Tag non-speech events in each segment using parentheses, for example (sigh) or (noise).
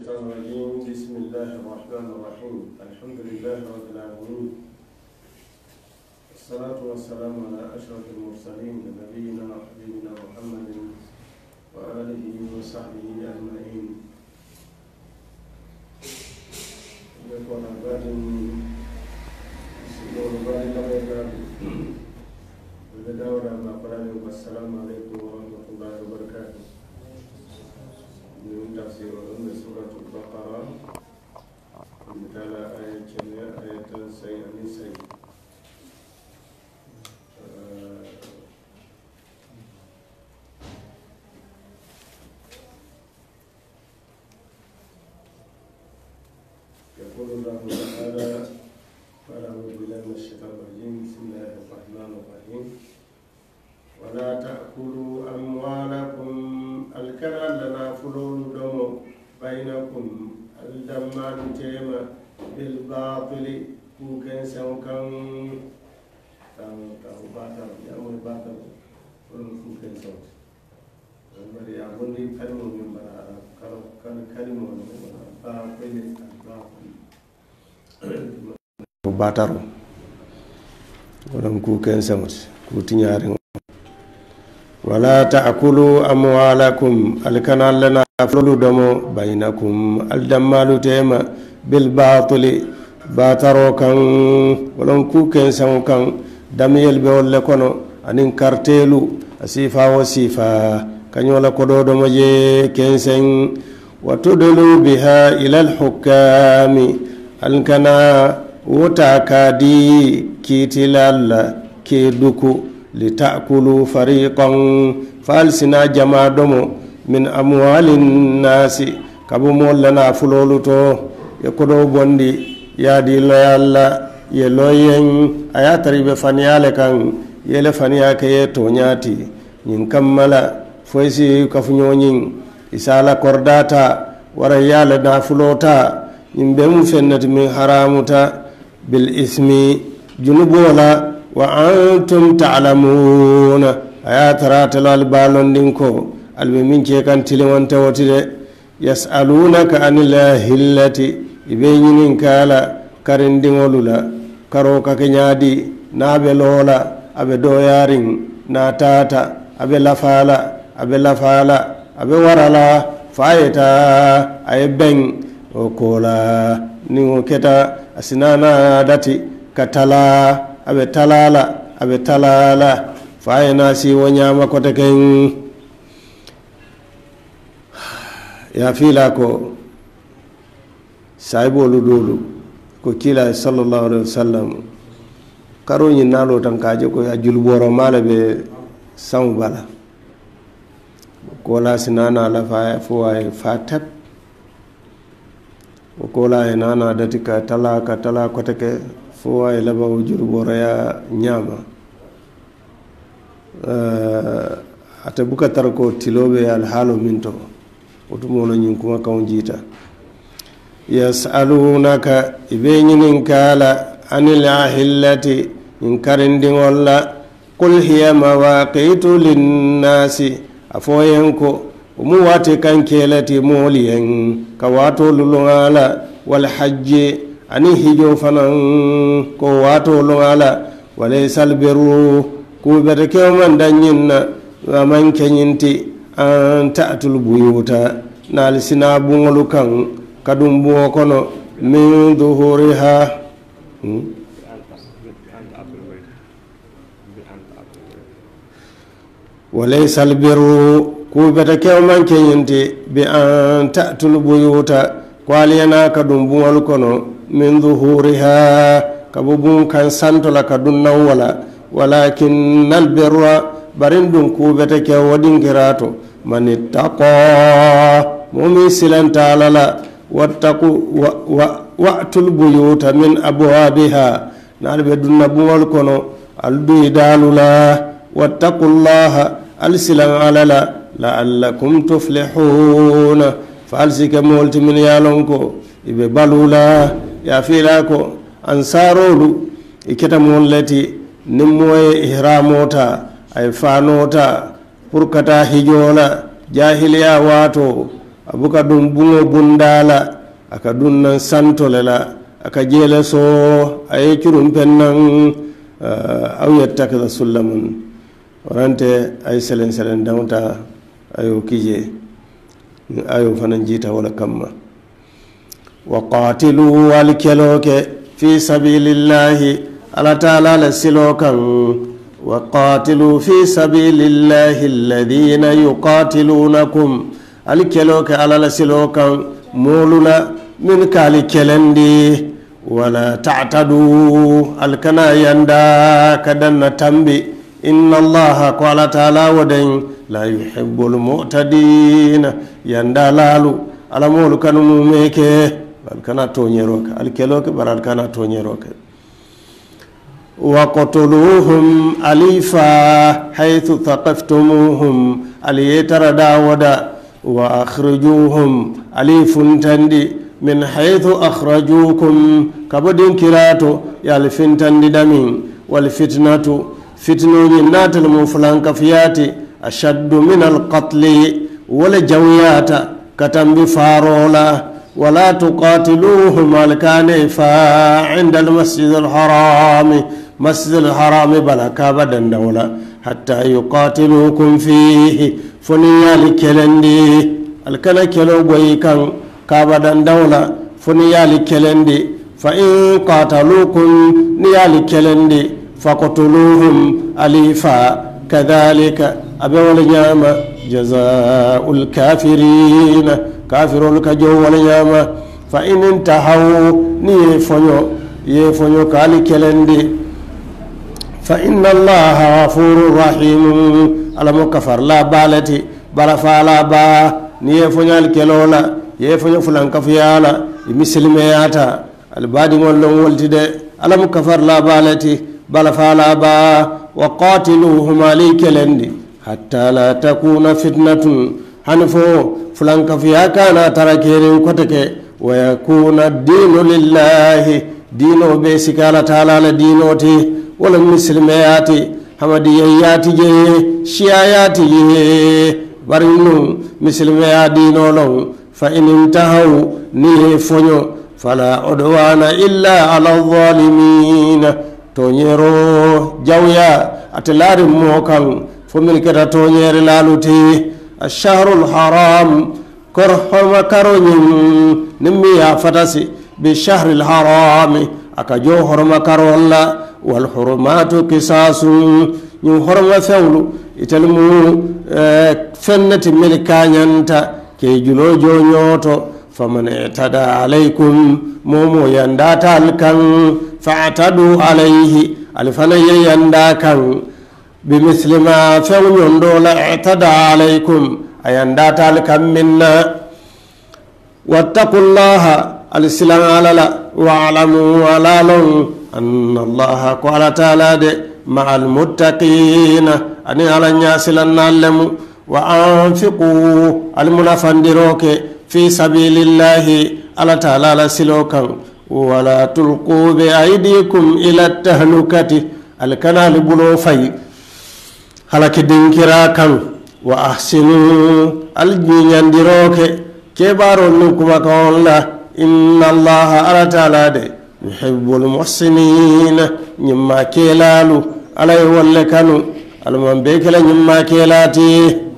الشيطان الرجيم بسم الله الرحمن الرحيم الحمد لله رب العالمين الصلاة والسلام على أشرف المرسلين نبينا وحبيبنا محمد وآله وصحبه أجمعين إخوان عباد سيدنا الله وبركاته بدأ دورة مع السلام عليكم ورحمة الله وبركاته ñun tafsiroon nga suratul baqara, am na taala aya cene aya tan say ami say bataro wadan ku ken samut ku tiñaren wala akulu amwalakum alkana lana folu domo bainakum aldammalu tema bil batili bataro kan wadan ku ken kan damiyel be wala kono anin kartelu asifa wo sifa kañola koɗo domo je kensen wa tudulu biha ila alhukami alkana wuta kadi kitilal ke duku li takulu fariqan falsina jama domo min amwalin nasi kabu mollana fulolu to e kodo bondi yadi loyalla ye loyen aya taribe faniyale kan yele faniya ke ye toñati ñin kammala foysi kafuñoñin isala kordata wara yale nafulota ñin bemu fennati min haramuta bilismi junubu wala wa antum talamuna a ya taratalo albalondin ko albe min ce kan tilimanta wati de yasalunaka anilahi llati ibe yinin kala karindiŋolula karo kake ñadi na be lola abe doyarin na tata abe lafala abe lafala abe warala fayeta aye beŋ o kola niŋo keta asinanadati ka tala aɓe talala aɓe talala fayana siwo ñama kote ken ya fila ko sayibolu dolu ko kila salllahu alehi wasallam karoñin nalo tan ka je ko a julboro mala ɓe samu bala kola sinanala fa fo way fa tep o kola e nana dati ka tala ka tala kote ke fo wa e laba o jurɓoroya ñama uh, eh, ate buka tara ko tiloɓe e alhaalo min to otumono ñin kuma kaw jiita yasalunaka ibe ñinin kala anil ahillati in karindiŋolla kul hiya mawakitu linnasi afoyen ko mu wate kan kelati moliyen ka watolulugala wal hajje ani hijo fanan ko watolugala walaysal birru kuɓete kewman danñinna aman keñinti an taatul buyuta naali sina buŋolu kan kadum buŋo kono min duhuriha hmm? walaysal birru kuɓeta kewman keñinti bi an tatul buyuta ko aliyana ka ɗum bumol kono min duhuriha kabo bum kan santola ka ɗum nawwala walakin nal berra barin ɗum kuɓeta kew waɗinkirato man ittaqa momin silanta alala wattaku wa'tul wa, wa, buyuta min abwabiha naɗa ɓe ɗunna bumol kono alɗuyi dalula wattaqullaha alsilan alala laallakum tuflihuna fa halsike moltimin yalon ko iɓe balula yafiila ko ansarolu i keta mon leti nin moye ihramota ay fanota pour kata hijola jahiliya waato abuka ɗum bugo bundala aka ɗum nan santole la aka jeele so a yeccurum pen nan aw yettakasa sulla mum warante ay selen selen dawta ayo kije ayo fanan jita wala kamma wa qatilu wal kaloke fi sabilillahi ala ta'ala la silokan wa qatilu fi sabilillahi alladhina yuqatilunakum al kaloke ala la silokan muluna min kali kelendi wala ta'tadu al kana yanda kadanna tambi inna allaha kwala taala wodayin la yuhibbul mutadina yanda laalu alamolu kanu mume ke al kana toñero ke al kelo ke bara al kana to ke wa qatuluhum alifa haythu thaqaftumuhum ali dawada da wa akhrijuhum ali funtandi min haythu akhrajukum kabudin kirato yal fintandi damin wal fitnatu fitinoñin natal mum fulankafiyate ashaddu min alqatli wala jawyata katambi farola wala tuqatiluhum alkane fa inda almasjid alharami masjid alharami bala kaba dandawla hatta yuqatilukum fihi foniyali kelendi alkana kelo goyi kan kaba dandawla foniyali kelendi fa in qatalukum niyali kelendi fakotuluhum alifa kadalika aɓe wala ñama jazaul kafirina kafirol ka jow wala ñama fa in intahaw ni ye foño ye foño kaali kelendi fa inna allaha gafuru rahimu alamo kafar la baleti bala fala ba ni ye foñal kelola ye foño fulankafuyala i misilimeyata alibadiŋol lon wolti de alamo kafar la baleti balafala ba wa qatiluhum ali hatta la takuna fitnatun hani fo fulankafiya kana tara kerin koteke wa yakuna dinu lillahi dino be sikala taala la dino ti wala muslimeyati hamadiyeyati je shiyayati je bari nu dino lon fa in intahaw ni fonyo fala udwana illa ala zalimina toñero jawya ate laari mookal fomin keta toñere laalute ashahrul haram kor horma karoñin ni mi yafatasi bi chahril harami aka jo horma karolla wal hurmatu kisasu ñin horma fewlu itel mu e, fenneti mili kañanta ke julo joñooto faman etada alaykum momo yandatal kan fatadu alayhi ali fana ye yanda kan bi mislima feŋ ñondo la itada alaykum a yandatali kan min na wattakullaha ali silaŋ ala la waalamu ala loŋ annallaha ko alla taala de ma almuttaqina ani ala ñasilannal lemu wa anfiku ali munafandiro ke fi sabilillahi alla taala la silo kaŋ wala tulqu bi aydikum ila tahlukati alkanali bulo fay halake dinkira kan wa ahsinu alñiñandiroke kebarol ni kumakaolla inna allaha alatala de yuhibu lmuhsinina ñimma kelalu alay wolle kanu almambe kela ñimma kelati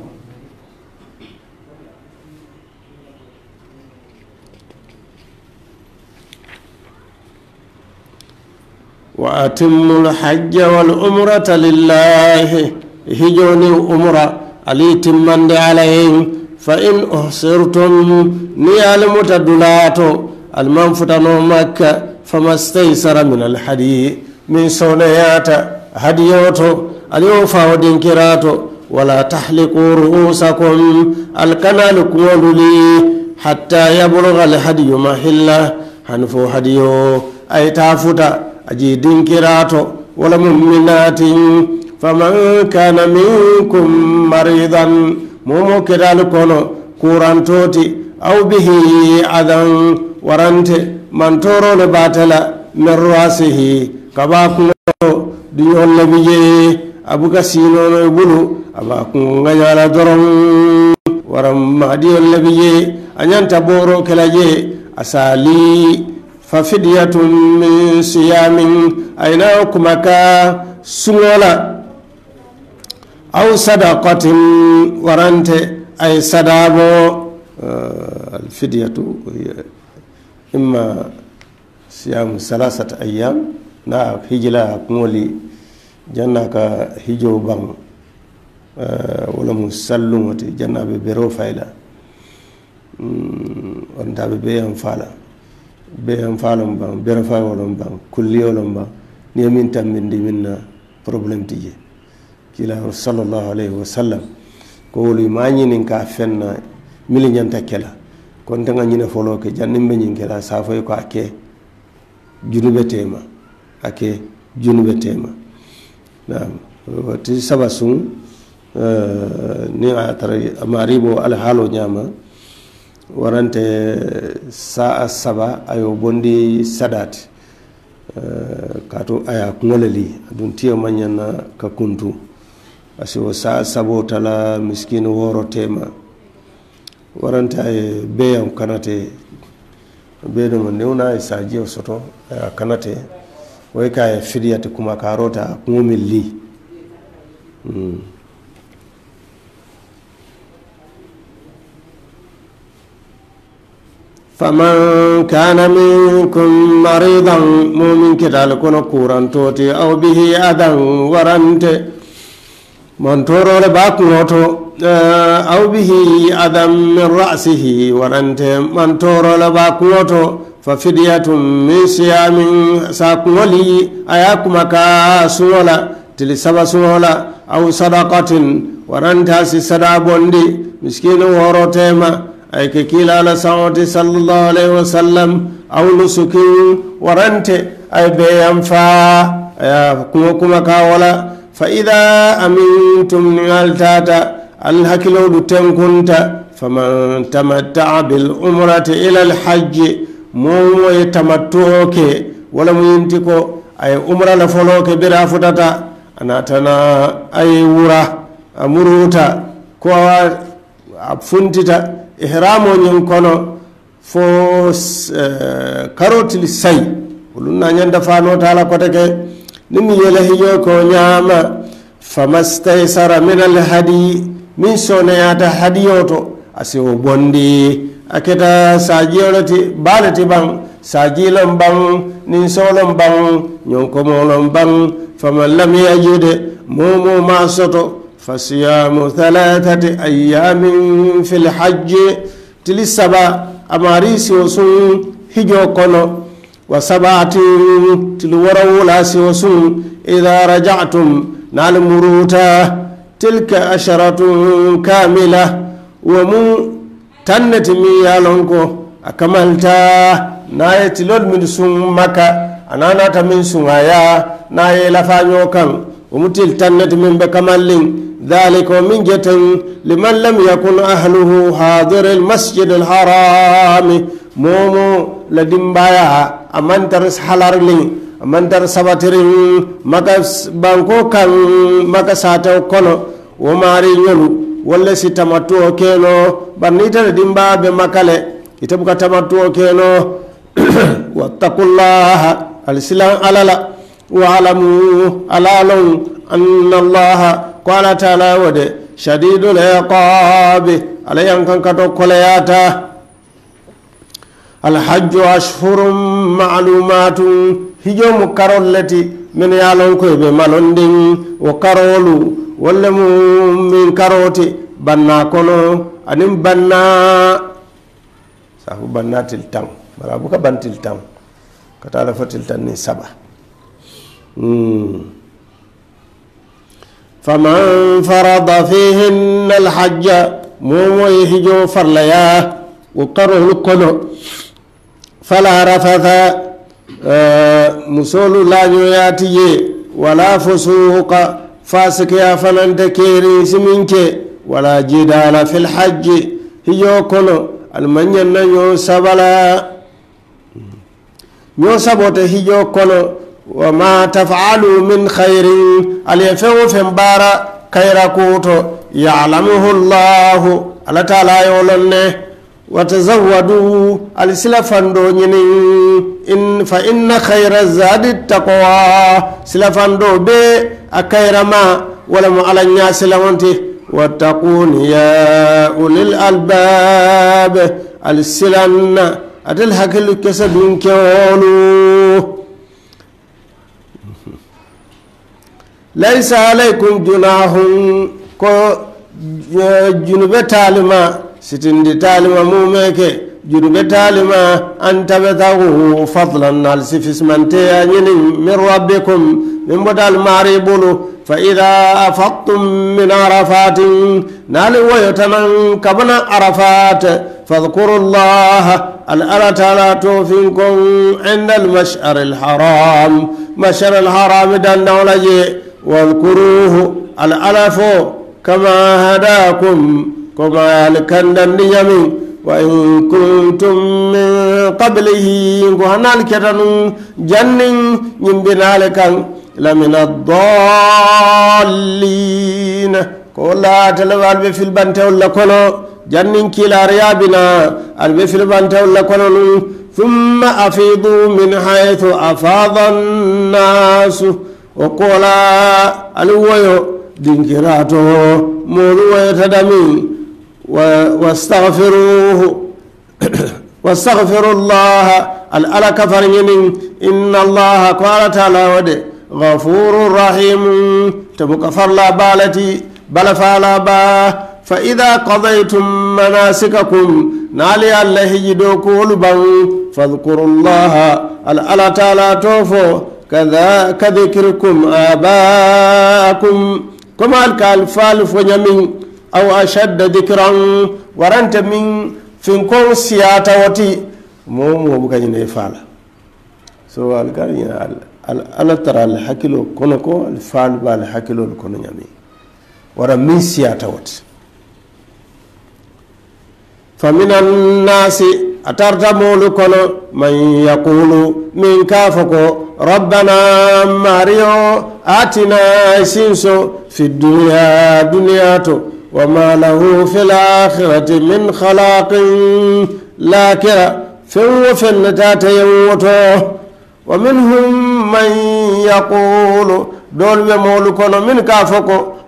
wa'a timmuna hajjawa al'ummar ta lillahiy hijjo ni al'ummar ali ya timman da alayyan fa ina yaushe yu-tom ni ya limo ta dula dole alima min al'haja yi min son yi a ta haɗiyo to ali yau fa ta kira dole wani alahajiyan ta hankali kuma lullu-lihi haɗiyan aji dinkirato wala muminatin faman kana minkum maridan momo kedali kono kurantoti aw bihi adan warante man torole batela min rasihi kaba kuŋoo duñol labi je abuka sinono e bulu aba kuŋo ŋañala doroŋ waran madiyol labi je a ñanta boro kela je asali fafidiyatun min siyamin aina kuma ka Au aw sadaqatin warante ay sadabo eh, alfidiyatu imma siyamu salasata ayyam na hijila kumoli janna ka hijo baŋ eh, wala mu sallun wati janna be beroo fayla onta hmm, be beyaŋ faa la beyan falon ban bera fawolon ban kulliyolon ban ni min tambindi min na problème tije kila sallallahu alayhi wa sallam ko wolu ma ñinin ka fenna mili ñanta kela kon tanga ñine folo ke jannin be ñin kela safoy ko ake junube tema ake junube tema naam wati sabasun ni a tara amaribo alhaalo ñama warante sa'a saba ayo bondi sadati uh, eh, kaatu aya kuŋole li aduŋ tiyo maŋ ñaŋ na ka kuntu asi wo sa'a sabo tala miskini woro tema warante aye beyaŋ kanate bee domo niŋ na ye saajio soto aya kanate wo ye ka ye fidiyati kuma kaarota a kuŋo miŋ li mm. faman kana minkum maridan momin kitali kono kurantoti aw bihi adan warante montorole bakunoto aw bihi adan min rasihi warante montorole bakunoto fa fidyatum min siyamin sakuŋoli aya kumaka suŋola tili saba suŋola aw sadakatin warante asi sada bondi miskini worotema ayke kiilala sawoti sallallahu alaihi wa sallam awlu sukiyu warante ay beyan faa aya kuŋo kuma ka wala fa ida amintum niŋal tata al hakkilowdu tenkunta faman abin bil umrati ila hajji momo ye tamattuo ke wala mu yinti ko yi umra la folo ke bira futata anatana aye wura a muruta ko a funtita ihramoñin kono fo uh, eh, karotili say olum nañanda fanotala kota ke nimi yele hijo ko ñama famastaysara min alhadi min sonayata hadiyoto asi o bondi aketa sa jiyoloti baleti ban sa jilon ban nin solon ban ñonkomolon ban faman lam yajude momo ma soto فصيام ثلاثة أيام في الحج تلسبا أماريس وسن هجو كونو وسبعة تلورو لاس وسن إذا رجعتم نال مروتا تلك عشرة كاملة ومو تنت ميالونكو أكملتا نايت لود من سوم مكة أنا ناتا من سوم آيا نايلا فانيو كان ومتل تنت من بكمالين ذلك ومنجة لمن لم يكن أهله حاضر المسجد الحرام مومو لدم بايا أمن ترس حلار لين أمن ترس سباترين مكس بانكو كان مكساتو كونو وماري يلو ولا ستمتو كينو بنيتر دم بابي مكالي يتبقى تمتو كينو واتقوا الله السلام على الله walamu alalon annallaha ko alah taala wode shadidul iqabi ala yankankato koleyata alhajju ashhurum maalumatum hijomu karol leti min yalon koye ɓe malonding wo karolu wolle mu min karoti banna kono anin banna safu bannatil tan bara buka bantil tan kata ala fotil tan ni saba faman farada fihinna alhajja momoye hijo farlaya wokarohlu kono fala rafatha musolu lañoyati ye wala fosuhuka fasikeya fanante kerin siminke wala jidala fi lhajji hijo kono almañanna ño sabala ño sabote hijo kono wa ma taf'alu min khairin aliye fɛn wo feŋ baara kayira kuuto yalamuhu llahu alla taala yo lon ne watazawadu ali sila fando ñinin in fa inna khayra zadi taqwa sila fando be a kairama wala mo ala ña silamonti wattaquni ya ulil albab ali silanna atel hakkillu kesa dun ليس عليكم جناح كو اه، جنوب تالما ستند تالما موميك جنوب تالما أن تبتغوا فضلا نالسفس من تيانين من ربكم من بدل ماريبولو فإذا أفضتم من عرفات نال ويتمن كبنا عرفات فاذكروا الله الآن تعالى توفيكم عند المشعر الحرام مشعر الحرام دان دولجي واذكروه الألف كما هداكم كما لكندن يمين وإن كنتم من قبله كهنا الكتن جن ينبنا لكن لمن الضالين كولا تلوال بفي البنت ولا كولو جن كلا ريابنا البفي البنت ولا كولو ثم أفيضوا من حيث أفاض الناس okola aliwoyo dinkirato molu woyo tadami wastafiruhu (clears throat) wastafirullah al ala kafar nyini inna allah qala taala wade ghafurur rahim tabu kafar balati bala fala ba fa idha qadaytum manasikakum nali allah yidoku ulban fadhkurullah al taala tofo كذا كذكركم آباءكم كما الكالفال فنمين أو أشد ذكرا ورنت من finkon siyata wati mo mo buka ñine faala so al kari ala tara al hakkilo kono ko al faalu ba al hakkilol kono a tartamolu kono man yaqulu min ka fo ko rabbana mario atina sinso fi duniya duniya to wama lahu fi lakhirati min halaqin lakira fen wo fenne tata yewoto wa minhum man yaqulu dol wemolu kono min ka fo ko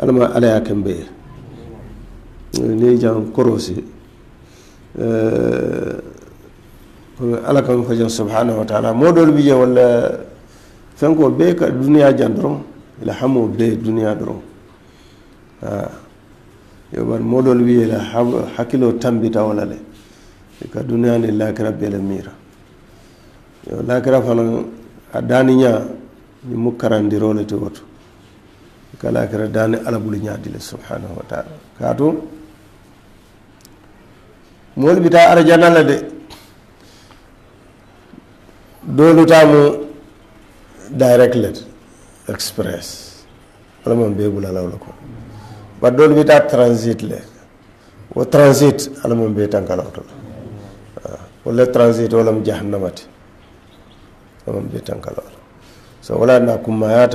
alama alaya kembeye ni jan korosi eh, ala kan fajan subhanahu wa taala moɗol bije walla fenko be ka duniya jan doron ila hamo be duniya doron ah, yo bar moɗol wiye la hakkilo tambita wala le ka duniya ni lakira bele mira yo lakira fana a daniña ni mukarandirole ti woto kana kira dani alabulu ñaadile subhanahu wa taala kaatu moolu bita arjana la de doolutaamu direct let express wala mom be bulalaw la bita transit le wo oh, transit ala moom bee tankalawto la wala ah, transit wala mu jahannamati mom be bee so wala nakumayata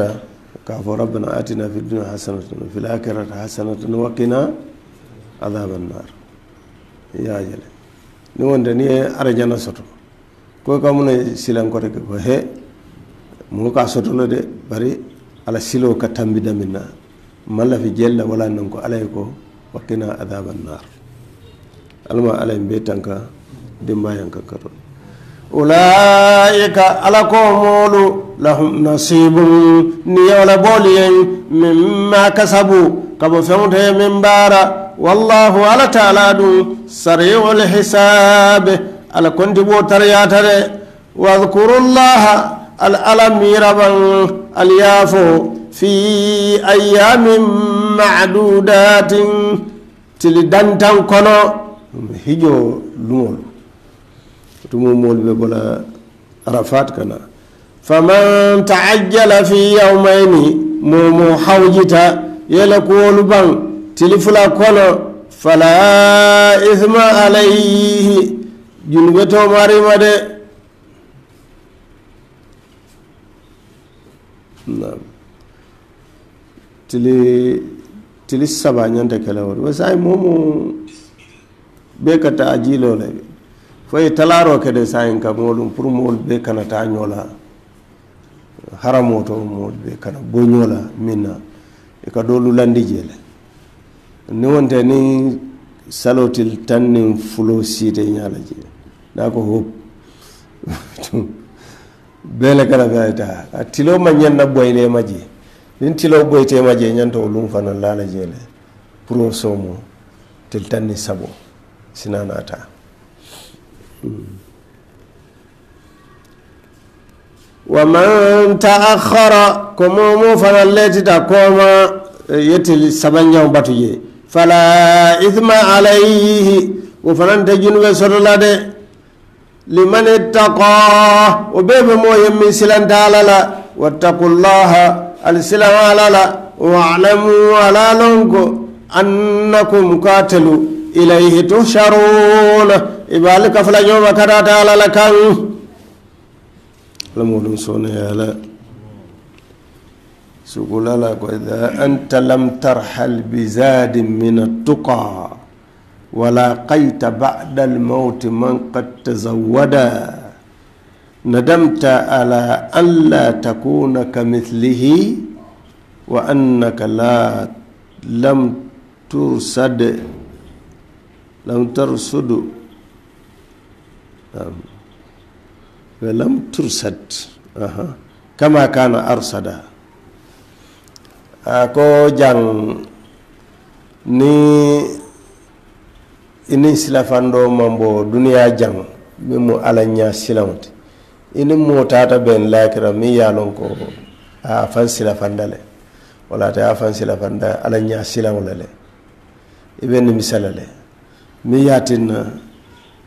kumayata kafin rabbana atina fid dunya hasanatan wa fil akhirati hasanatan wa qina adhaban nar ya jale ni wonde ni arjana soto ko ka mun silan ko rek ko he mu ka soto lo de bari ala silo ka tambi tambida minna malla fi jella wala nan ko alay ko wa qina adhaban nar alma alay be tanka dimbayan ka karon ulaika alakomolu lahum nasibun niyola boliyen mimma kasabu kabo fewte min bara wallahu ala taala ɗum sariul hisabe ala konti bo taryata de wadkuru llaha al ala miraban al yaafo fi ayamin madudatin tili dantan kono hijo luŋolu tumumol ɓe bona arafat kana faman taajala fi yawmayni momo hawjita yela kuwolu ban tilifula kono fala ihma alayhi junube tomarima de nam tili tili saba ñante kelewol wasay momo ɓe ka taajilo le ɓe foye talaro kede sayin ka moolum pour moolu be kana ta ñola haramo to moolu be kana boñola min na i e ka doolu landi jeele ni wonte ni salotil tan nin fulo siite ñala je naa ko hop (laughs) bele kana fe ayta a tilo ma ñenna boyde ma je nin tilo boyte ma je ñanta o lum fana laala jeele pour o somo til tan ni sabo sinanata waman ta'akhara komo mo fana letita koma yetil sabanjaw batu ye fala ithma alayhi o fananta junube sotola de liman ittaqa o be be mo yemmin silanta ala la wattaqullaha al silama ala la wa'lamu ala annakum katalu إليه تحشرون إبالك فلجو يوم تعالى لكن لمولم سونا يا لا سقول لك إذا أنت لم ترحل بزاد من التقى ولا قيت بعد الموت من قد تزودا ندمت على أن لا تكون كمثله وأنك لا لم ترسد lam tarsudu wa lam tursad aha kama kana arsada ako jang ni ini silafando mambo dunia jang memu mu ala ini motata ben lakira mi yalon ko a fan silafandale wala ta fan silafanda alanya nya silawlale ibe misalale mi yatinna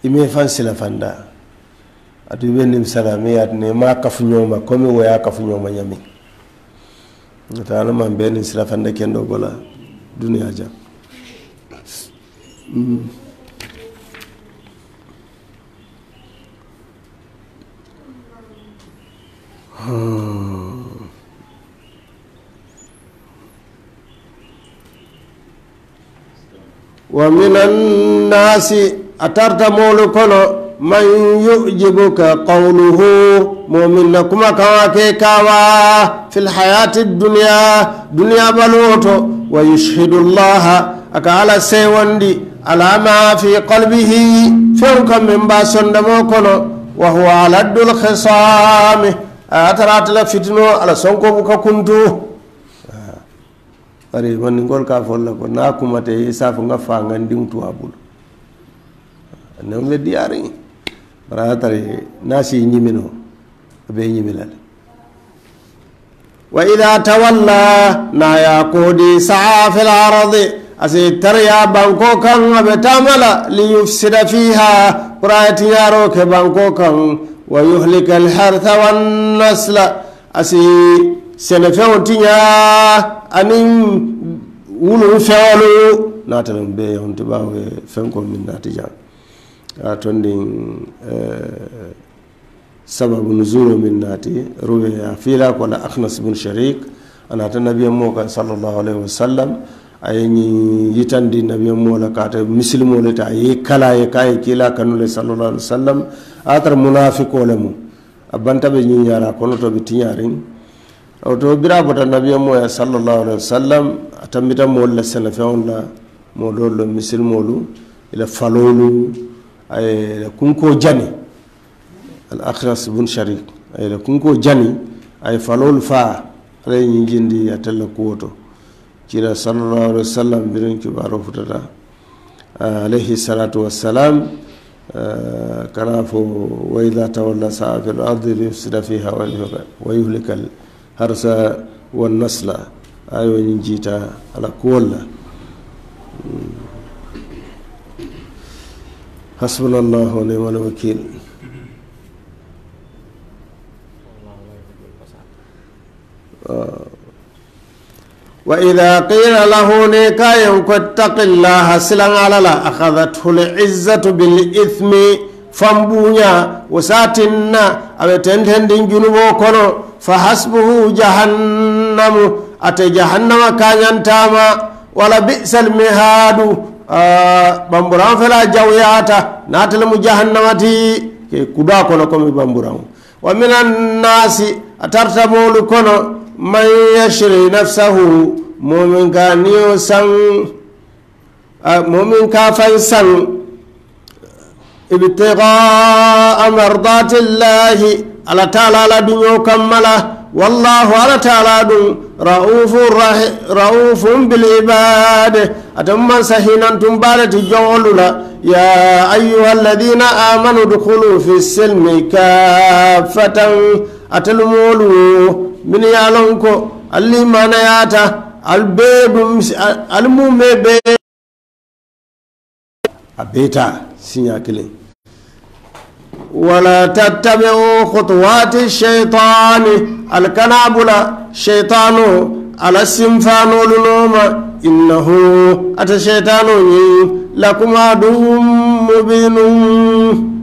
ime fan sila fanda atu ibe nim sala mi yatinna ma kafu ñoma komi woya kafu ñoma ñami ta ala man be nin sila fanda kendo gola dunia jam mm. Hmm. ومن الناس أترت مولكنا من يعجبك قوله مؤمن كما كواكيكاوا في الحياة الدنيا دنيا بلوتو ويشهد الله أكالا سيواندي على ما في قلبه فوق من باسون دموكنا وهو على الخصام أترات لفتنو على سنكو بكا كنتو bari manninkol ka folla ko na kumata ye safo nga fangandiŋ tuwa bulu annaŋ le diyaariŋ bari a tari naa si ñimino a be ñimila le wa ida tawalla naa ye a koodi saa fil ardi asi tariya banko kaŋ a be taama la liyufsida fiha pour a ye tiñaaroo ke banko kaŋ wa yuhlika alhartha wannasla asi senefeŋo tiñaa ani na ta nan bai be honti wa fenkon min na ta jan a tondin eh, sababu zuru min ta ruwe ya fila kola akhnas bin sharik ta nabiyan mo kan sallallahu alaihi wasallam tan di nabiyan mola kata misilimole ta kala kalaye kaye kila kanule sallallahu alaihi wasallam tar munafi mu a bantaɓe ñiñara kono to bitin yarin awtobira bota nabiya moya sallallahu alaihi wasallam atambita moolu la senefeŋolu la moolu lo misilimoolu ila faloolu ayela kunkoo jani al akhras bun sharik ayela kunkoo jani ay faloolu faa ala ye ñinjindi atella kuwo to cila sallallahu alaihi wasallam birin kibaaro futata alayhi salatu wassalam kana fo wa ida tawalla saa fi l ardi liyufsida fiha wa yuhlika harsa won nasla ayo ñin jiita ala kuwol la حسبنا الله ونعم الوكيل وإذا قيل له نيكا يمكن اتق الله سلان على لا أخذته العزة بالإثم fambuña wo satinna aɓe tentendin junubo kono fa hasbuhu jahannamu ate jahannama kañantama wala bisal mihadu bamburan fela jawyata natalemu jahannamati ke kuda kono ko komi bamburan wa min annasi a tartamolu kono man yashri nafsahu momin ka niyo san momin ka san ابتغاء مرضات الله على تعالى لدنيو كملا والله على تعالى رؤوف رؤوف بالعباد أتم سهين سهينا تنبال تجولنا يا أيها الذين آمنوا دخلوا في السلم كافة أتلمولوا من يالونكو اللي ما نياتا البيب المومي بيب أبيتا سينيا كلين wala tattabiu khutuwati shaitani alkanabula shaitano ala simfanolunoma innahu ata shaitano ñi lakum aduwum mubinum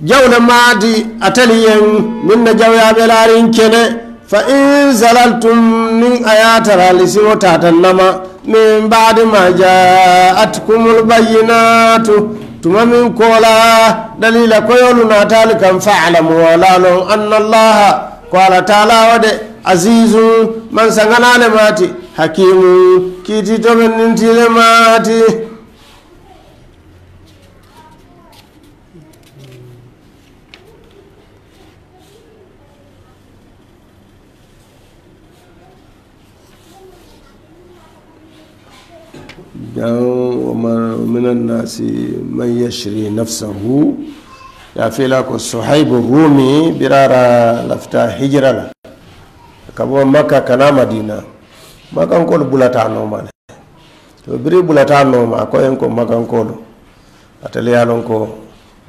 jawle maadi atali yen min na jawyaɓe laarin kene fa in zalaltum nin ayataralisiwo tatannama min baadi ma jaatkumul bayinatu tuma min kola dalila koyolu natali kan fa'lamu wala lon anna allaha ko ala taala wade azizu man sanganale mati hakimu kiititomen nintile mati don minan nasi man yashri nafsahu ya fela ko suhaibu rumi birara lafta hijirala ka bo makka kana madina makankolu bulata noma ne to biri bulata noma a koyen ko makankolu atele ye lon ko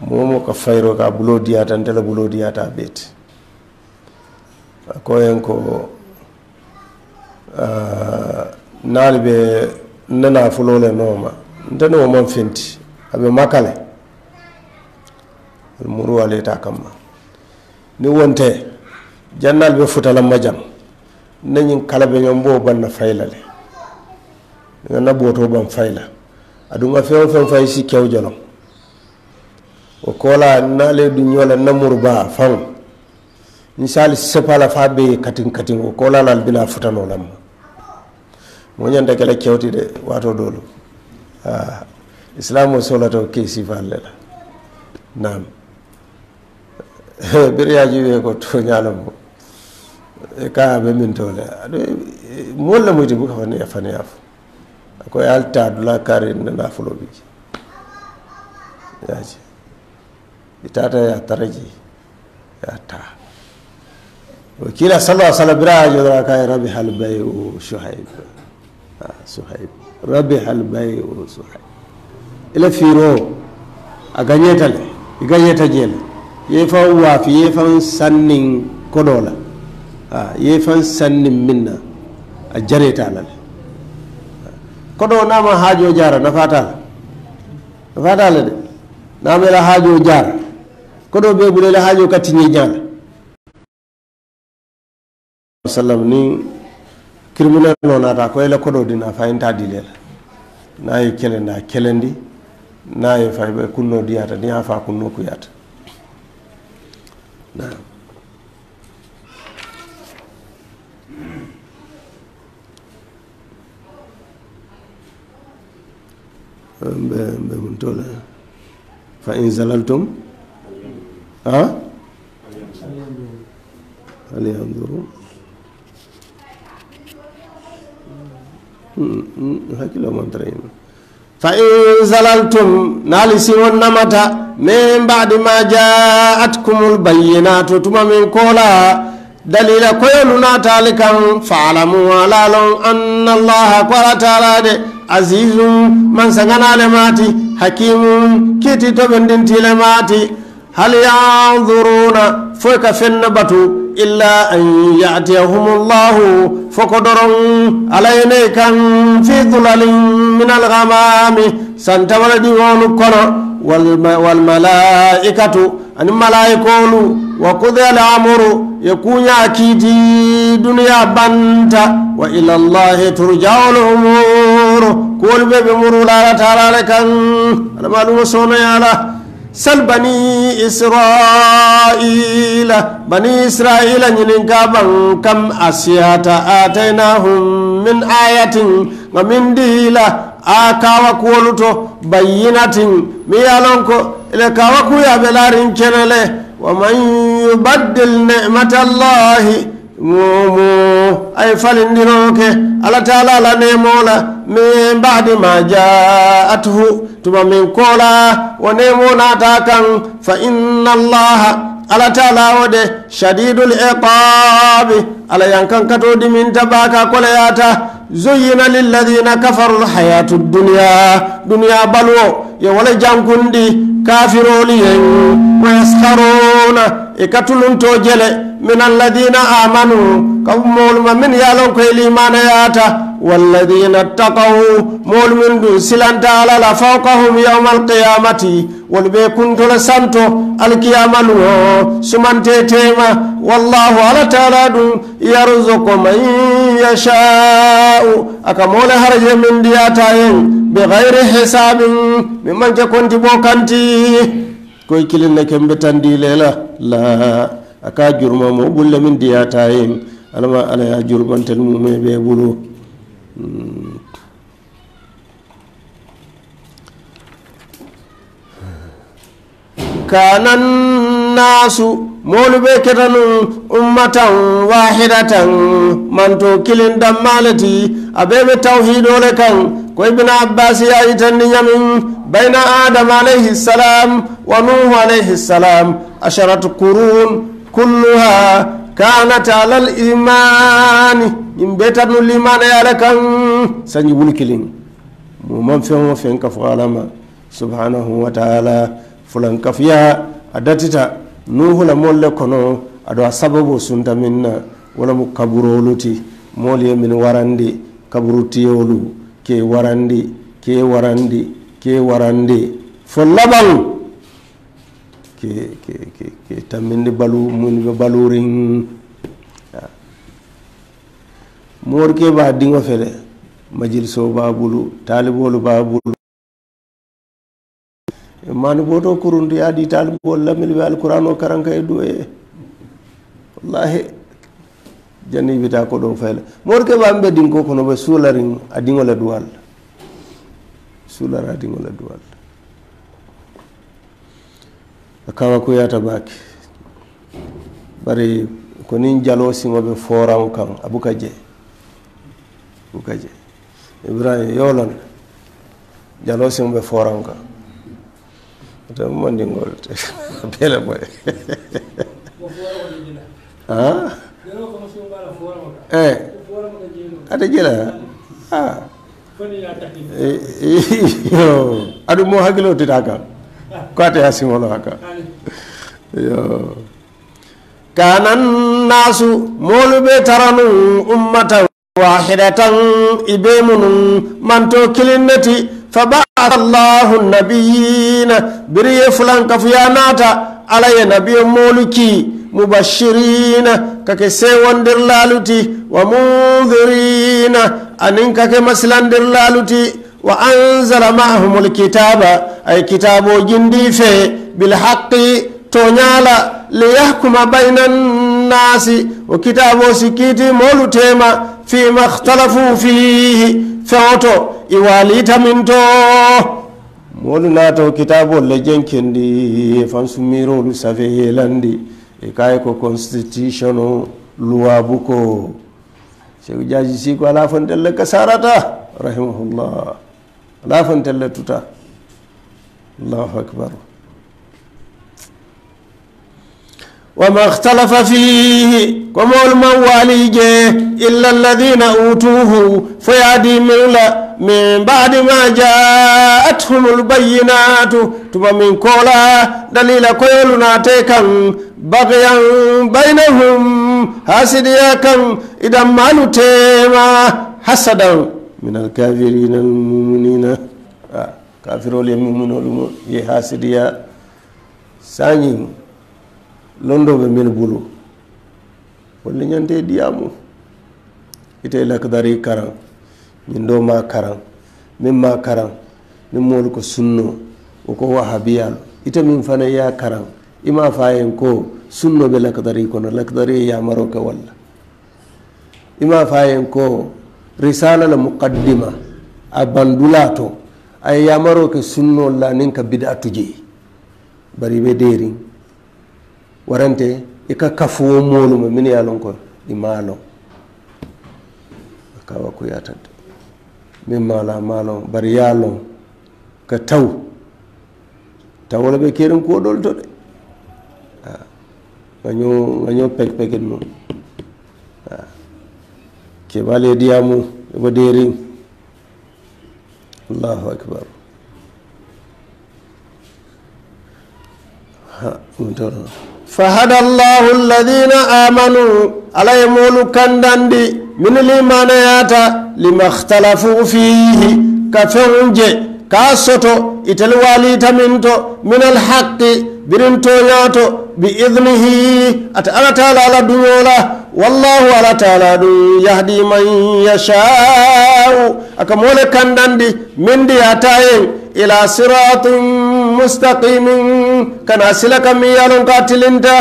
momo ka fayiro ka bulo diyata ntele bulo diyata beti a koyen ko uh, naali nana fulole nooma ntene wo man fenti aɓe makale muru waleta kamma ni wonte jannal ɓe futalamma jam nañin kala ɓe ñombo banna fayla le ga naboto ban fayla aɗuga fewo fen fay si kew jolom o koola nale du ñoole namuru ba faw ni sali sepala fa ɓe katin katin o koolalal bila futanolamma moñande kele kewtide wato dolu islam o solato kesifanle la nam (laughs) biryaji wiye ko to ñalomo e ka ɓe min tole aɗo molle moyti bo kafani yafani yafo ko yaltadula kari nana fuloɓiji yaji itata ya taraji ya ta kila sallah sallam biraajoraka e rabi halbay o chohaybe suhayb rabiha albayu suhayb ila firo a gañeta le i gañeta jeela yefan waafi yefan sannin koɗola a yefan sannin min na a jaretala le koɗo nama haajo jara nafatala nafatala de nama ela haajo jara koɗo ɓe ɓurela haajo kattiñe ñala sallam nin criminel lonata ko ele koɗo di na fayinta dilel nayi kele da kelendi nayi fay ɓe kunno diyata niya fa kunno kuyata na ehm, ɓe ɓe mun tola fa in zalaltum a aliyanduru Hmm, hmm, hakkilo montrain fa in zalaltum naalisi won namata mais mbadi ma jaatkum lbayinatu tuma min koola dalila koyolu naatali kan faalamu alalon anna allaha ko ala taala de azizum mansaganale maati hakimum kiti toɓendintile maati هل ينظرون فك فنبت إلا أن يأتيهم الله فقدر علينا كان في ظلل من الغمام سنتمر ديوان والم والملائكة أن ملائكولو وقضي الأمر يكون أكيدي دنيا بنت وإلى الله ترجع الأمور كل بمر لا تعالى لك المعلوم صنع له sal bani israila bani israila ñinin kaban kam asiyata atainahum min ayatin ga min dila a kawa kuoluto bayyinatin mi yalonko ile kawa kuyaɓelarin kenele waman yubaddil nemata llahi momo ay falindiroke alatala la nemola mi badi maja athu tuma min kola wo nemo nata kan fa inna allaha alatala wode shadidul iqabi ala yankan kato dimin tabaka kole yata zuyina lilladhina kafaru lhayatu dunya dunya balwo ye wala jankundi kafiroli yen wayaskharuna e katulunto jele min alladina amanu ka moluma min yalon koye limana e yata walladina takaw molumin du silanta alala fawkahum yauma alqiyamati wolu ɓe kuntola santo alkiyamaluo sumantetema wallahu ala tala ɗum yarzuku man yashau aka mole haraje min ndiyata hen be gayri hisabin min manke konti bo kanti koye kilinne kembe tandi lela la aka jurma mo bulle min diyata yen alama ala ya jurbantel mume be bulo hmm. kanan nasu molu be ketanu ummatan wahidatan manto kilin dammalati abebe tawhidole kan ko ibna abbas ya itanni nyamin baina adam alayhi salam wa nuh alayhi salam asharat qurun kulluha kanat ala l imani ñim be tanu limane ala kan sañi wulkilin mumam feŋo feŋ kafu alama subhanahu wa taala fulan kafuya a datita nuhu la moolu le kono ado a sababo sunta min na wala mu kaburolu ti moolu ye min warandi kaburu tiyolu ke warandi ke warandi ke warandi fo labaŋ ke ke ke ke tamminde balu mun be balurin morke ba dingo fere majliso ba bulu talibolu ba bulu e man boto kurun di adi talibol lamil be alqur'ano karanka e do e wallahi janni bita ko do fele morke ba be dingo kono be sularin adingo la dual sulara dingo la dual akawa ko yata baake bari ko nin jaloo siŋo be foran kaŋ a buka je abuka je ibrahim yo lon jaloo siŋo be fooraŋo kaŋ te mondiŋol te boy (laughs) ha eh ada jela eh, eh, adu mo hakkiloo titaa kaŋ kwata ya simola haka kanan nasu molube taranu ummata wahidatan ibemunu manto kilinati fa ba'atha allahu nabiyina biriye fulan nata alaya nabiyo moluki mubashirina kake sewon wa mundhirina anin kake maslan der laluti wa anzala mahum lkitaba ay kitabo jindife bilhaqi to ñala li yahkuma bayna nnasi o kitabo sikkiti molu tema fima htalafu fihi fewoto iwalita min to molu nata o kitabol le jenkendi fan sumirolu safe helandi e kaye ko constitution o luwabuko cheikhu diaji siko ala fontelle ka sarata rahimahullah lafin tallatuta allahu akbar وما اختلف فيه كما المواليج إلا الذين أوتوه فيعدي من من بعد ما جاءتهم البينات تبا من كولا دليل كولنا تيكا بغيا بينهم حسد يكا إذا مالو تيما حسدا min alkafirina almuminina a kafirol e muminol mo ye hasidiya sañin londoɓe min bulu wolle ñante ɗiyamu ite lakdari karan ñin ɗo ma karan min ma karan min moolu ko sunno woko wahabiyal ite min fana ya karan ima fayen ko sunno ɓe lakdari kono lakdari e yamaro ke walla ima fayen ko risala la muqaddima a bandulato a yamaro ke sunnol la nin ka bida atu jeyi bari ɓe derin warante i ka kafuwo moluma min ya lon ko i malo kawa koyatadde min mala malo bari ya lon ka taw tawola ɓe keren kuwoɗol to ɗe gaño gaño pek peket mum kebale diyamu ebo deri allahu akbar fahada allahu alladina amanu alai molu kandandi min limanayata lima ikhtalafu fihi ka feŋun ka soto itel walitamin to min alhaqi birin toñato bi idnihi ata ala taala ala duñola wallahu ala taala ɗum yahdi man yashau aka mole kandandi min ndiyatayen ila siratum mustaqimin kana sila kam mi yalon ka tilinta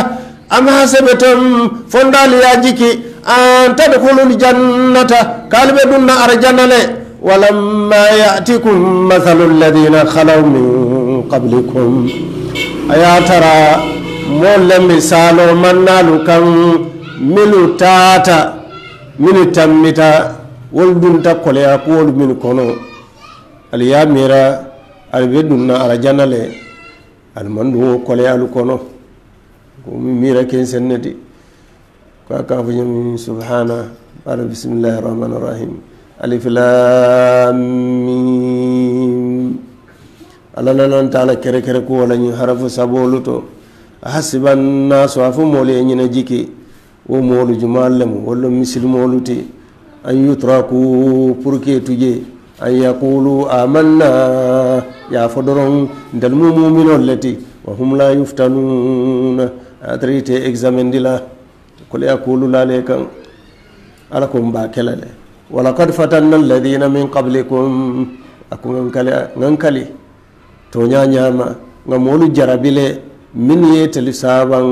am hasebe ton fondaliya jiki an tadkhulul jannata kalibe dunna arjanna le ولما يأتكم مثل الذين خلوا من قبلكم أيا ترى مول مثالو منالكم ملو تاتا من تمتا ولدنت كلياك ول من كنو اليا ميرا البدنا على جنل المنو كليال كنو ميرا كين سنتي كاكا فجم سبحانه بسم الله الرحمن الرحيم alifilami alla nanantala kere kere ku wala ñiŋ harafu sabolu to ahasibannaso a fo moolu ye ñina jiki wo moolu jumaalu lemu walla misilimoolu ti an yutraku pour ke tuje an yaqulu amanna ye a fo doroŋ ntelumu muminolu le ti wa hum la yuftanuna atarite examen di la kole yaqululale kaŋ alla ko m baa kela le walakad fatanna alladina min qablikum aku ŋankali toña ñama ŋa moolu jarabile minnu ye tili saban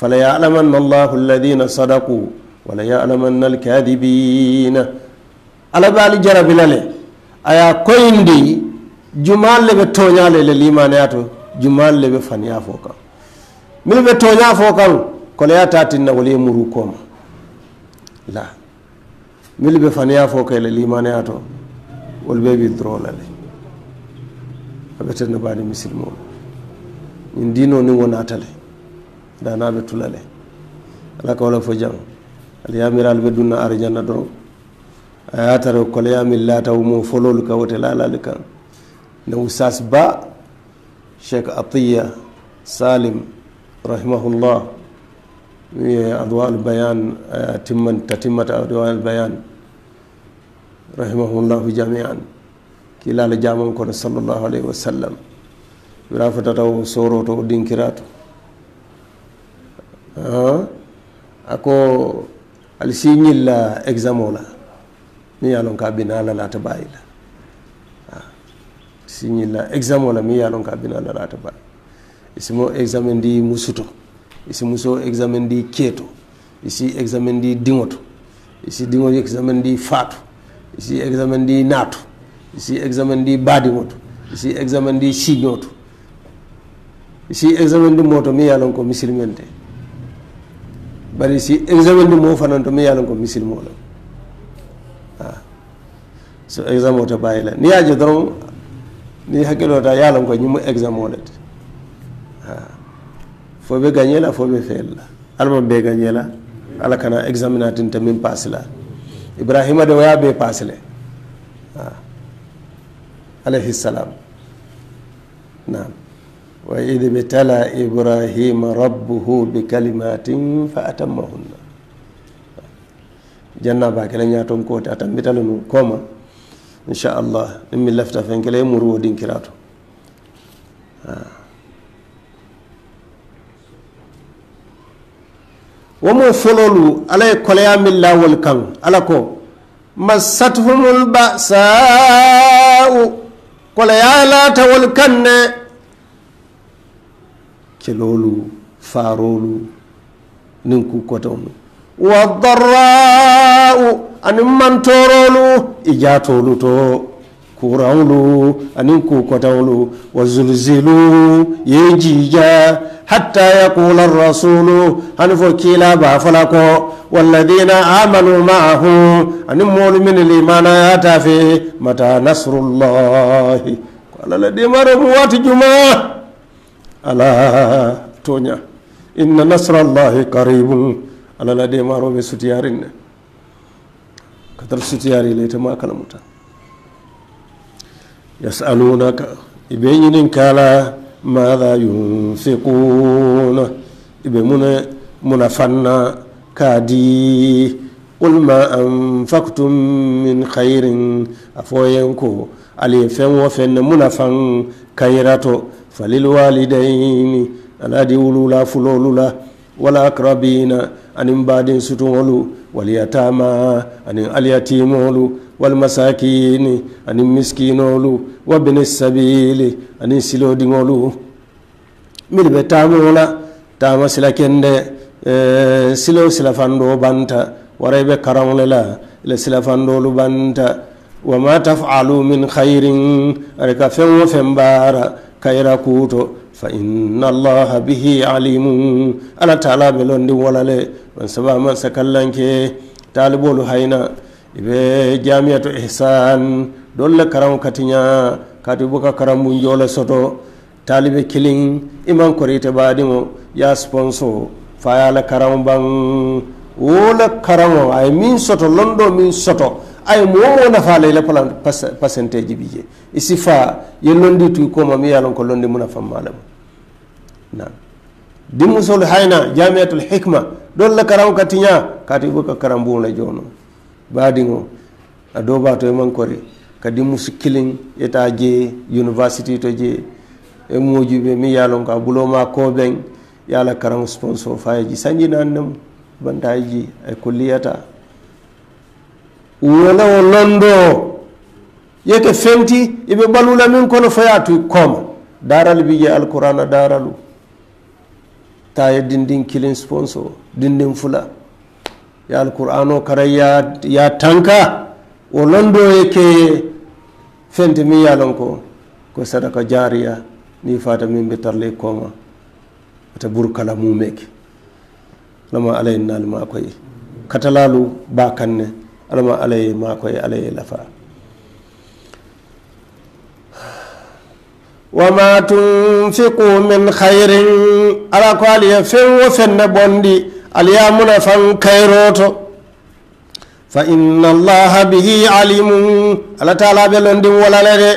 fala yalamanna allahu alladina sadaku wala yalamanna alkadibina alla be ali jarabila le a ye koyindi jumal le be toña le le limaneya to jumal le be faniya fo kan minnu be toña fo kan koleyatatinna wolu ye muru koma la mbili ɓe faniya fo kayle limaneya to wol ɓe ɓi dronale aɓeten no mbani musilme o min dino ni wonatale danaɓe tulale ala ka wala fo jaam alyamiral ɓe dunna arjanna doro a yatare kole yamil lataw mo fololu ka wote lalali kan ne usas ba cheikh atiya salim rahimahullah wiye adwal bayan eh, timman tatimmata adwal bayan rahimahumllahu jamian kilala jamam kono sallllahu alayhi wa sallam wirafata taw soroto o dinkirato ako ala si ñilla examo la mi yalon ka binalalata bayi la si ñilla examo la mi yalon ka binalalata bayi isimo examen di musuto isi muso examen di keeto isi examen di diŋoto isi diŋo examen di faato si examen di naatu si examen di baadimoto si examen di siñootu si examen di mooto to mi yalon ko misilmente bari si examen di moo fananto mi yalon ko misilmoo lon so examen o bàyyi la ni yaaje doron ni hakkiloota yalon ko ñimu examen o le te fo ɓe la fo ɓe feel la alman ɓe gañe la ala kana examinatin min paasi la ibrahima de waya be pasile alayhi salam nam wa id ibtala ibrahima rabbuhu bi kalimatin fa atammahunna janna ba kala ñaton koti atambitala nu koma inchallah min mi lefta fen kala e muru wo dinkirato wo mu fololu ala ye koleya min lawol kan ala ko massathumul basau koleya latawol kan ne kelolu farolu nin ku kotonu wadarau ani mantorolu ijatolu e to kuraulu anin ku kwataulu wa zulzilu ye jija hatta ya kula rasulu hani fo kila ba falako ko walladina amanu ma'ahu anin mulmin limana ya tafe mata nasrullahi alala dimare mu wati juma ala tonya inna nasrallahi qaribun alala dimaro be sutiyarin ne katar sutiyari le ta makalamuta يسألونك إبين كالا ماذا ينفقون إبن منفنا كادي قل ما أنفقتم من خير أفوينكو علي فن وفن منفن كيراتو فللوالدين أنا دي ولولا فلولولا ولا أقربين anin badin sutunwolu waliyatama anin aliyatimolu walmasakini ani miskinolu wa bene sabili ani silodiŋolu mili be taamola taama sila kende silo silafando banta wara be karaŋo le la ila silafandolu banta wama tafalu min khairin ari ka feŋ wo feŋ baara kayira kuto fa inna allaha bihi alimu alla taala be londi wala le man sabamansa kallanke taalibolu hayna ibe jamiyato ihsan dolle karamu katiya kati buka karambu jole soto talibe kilin iman korite badimo ya sponso fayala karamu ban wole karamo ay min soto londo min soto ay momo nafa layla pala pasente ji bije isi fa ye londi tuy koma mi yalon ko londi muna fammalamo na dimmusol hayna jamiatul hikma dolle karamu katiya kati buka karambu na jonoo baadiŋo a doobaa e to e mankori kadi musu kiliŋ état jee university to jee e moojuɓe min ye lon ko a buloma kooɓeŋ ye la karaŋ sponso fayeji sañji naani nemu bantayji ay kolliyata wolawo londo yeke fenti eɓe ɓalula min kono foya tuy kooma daral bi je alqurana daralu ta ye dindin kilin sponso dindin fula ya alkur'ano karai ya tanka olondo yake fenti mi yalon ko ko sadaka jariya ni fata min bi tarle koma ata burkala meke lama alaye naali makoye katalalu ba kanne alama alaye makoyi alaye lafa wama tunfiqu min khayrin ala ko aliye fen wo na bondi aliyamuna fan kayroto fa inna llaha bihi alimu allah taala ɓe londin wolale de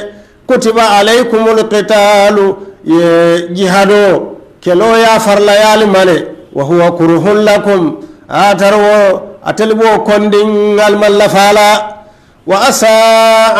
kutiba alaykum lkitalu ye jihado kelo ya farlayali male wa huwa kurhun lakum a tar wo ateliɓo kondin almalla fala wa asa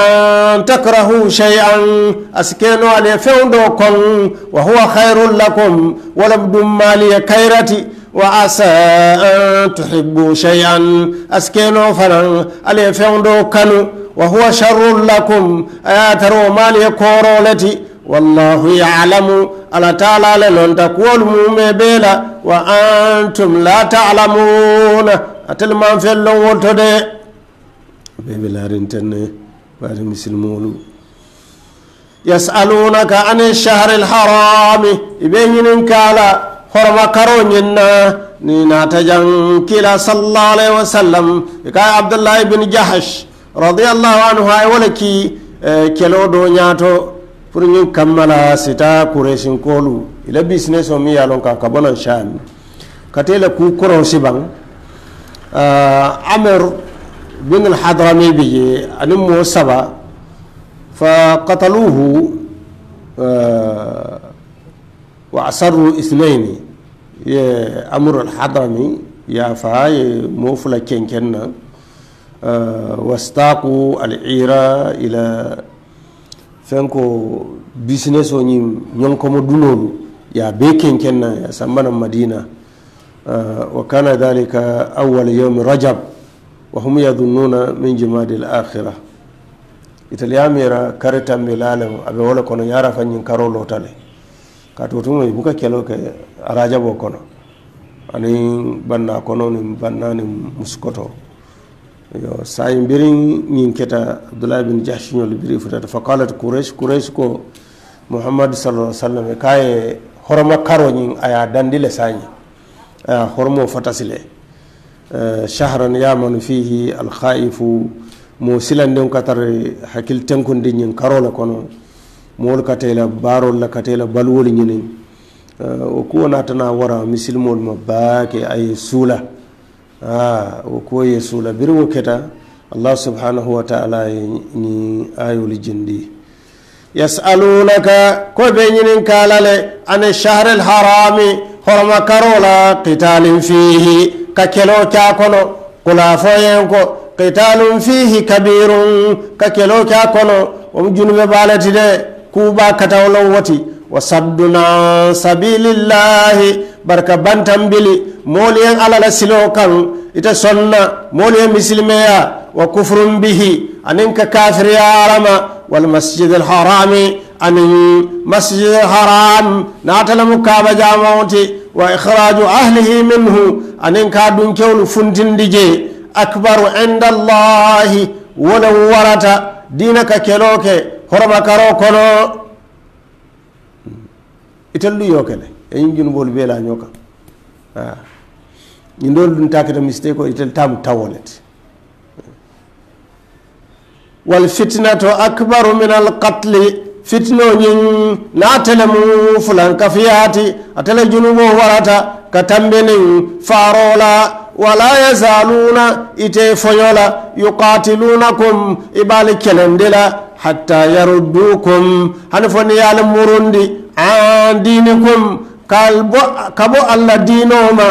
an takrahu cheyan asikeno aliye fewdo kon wa huwa hayrun lakum walam dum maliye kayrati وعسى أن تحبوا شيئا أسكنوا فلا ألي فيوندو كانوا وهو شر لكم أياتروا مالي كورولتي والله يعلم ألا تعالى لن تقول مبيلا وأنتم لا تعلمون أتل ما في اللون تدي بيبي لا رنتني بعد مسلمون يسألونك عن الشهر الحرام إبين كالا horma ta jan kila sallallahu alaihi wasallam ka abdullahi bin jahash radiyallahu anhu ay walaki kelo do nyato pour ñin kammala sita kureshin kolu ila business o mi yalon ka kabona shan katela ku koro siban amr bin al-hadrami bi an mo saba fa qataluhu وعصروا اثنين يا أمر الحضرمي يا فاي موفلا كينكنا أه واستاقوا العيرة إلى فانكو بيسنس ونيم نيونكم دونولو يا بيكين كنا يا سمان مدينة أه وكان ذلك أول يوم رجب وهم يظنون من جماد الآخرة إتليامي را كارتا ميلالو أبي ولا كونو يارا أن ينكروا لوتالي katutuno buka kelo ke arajabo kono ani banna kono ni banna ni muskoto yo sayin birin ñin keta abdoulahi bin jahshiñol biri futata fa qalat quraish quraish ko muhammadu sallah sallam e kaye horoma karo ñin aya dandile sañi aya hormo fatasile e, shahran yamanu fihi alkhaifu mo silanden katar hakil tenkundi ñin kono mool ka tayla baarol la ka tayla balwol ñiniŋ wo kuwo naatana wara misilimol ma baake a ye suula wo kuwo ye suula biri wo keta allah subhanahu wa taala ye ñiŋ ayolu jindi yasalunaka ko be ñiniŋ kaala le ani sahril harami horoma karo la kitalin fihi ka keloo ka kono kulafoyen ko kitalin fihi kabirun ka keloo ka kono wom junube baaleti de kuba katawlon wati wa sadduna sabilillahi barka bantan bili yen alla la siloo kaŋ sonna moolu ye wa kufurun bihi aniŋ ka kafiriya masjid al harami aniŋ masjid alharam naatalamu kaaba jamaŋo ti wa ikhraju ahlihi minhu aninka ka dunkewolu funtindi akbaru inda allahi wo warata diina ka ke horoma karo kono itellu yokele e yinjunbol welaño kam i dolluntake to misite ko itel tam tawolete wal fitnatu akbaru min alqatli fitnoñin na tele mu fulan ka fiyati a tele junubo warata ka tambenin farola wala yazaluna ite foñola yuqatilunakum i ɓaali kelendela hatta yaruddukum hani foni murundi an dinikum kabo allah ma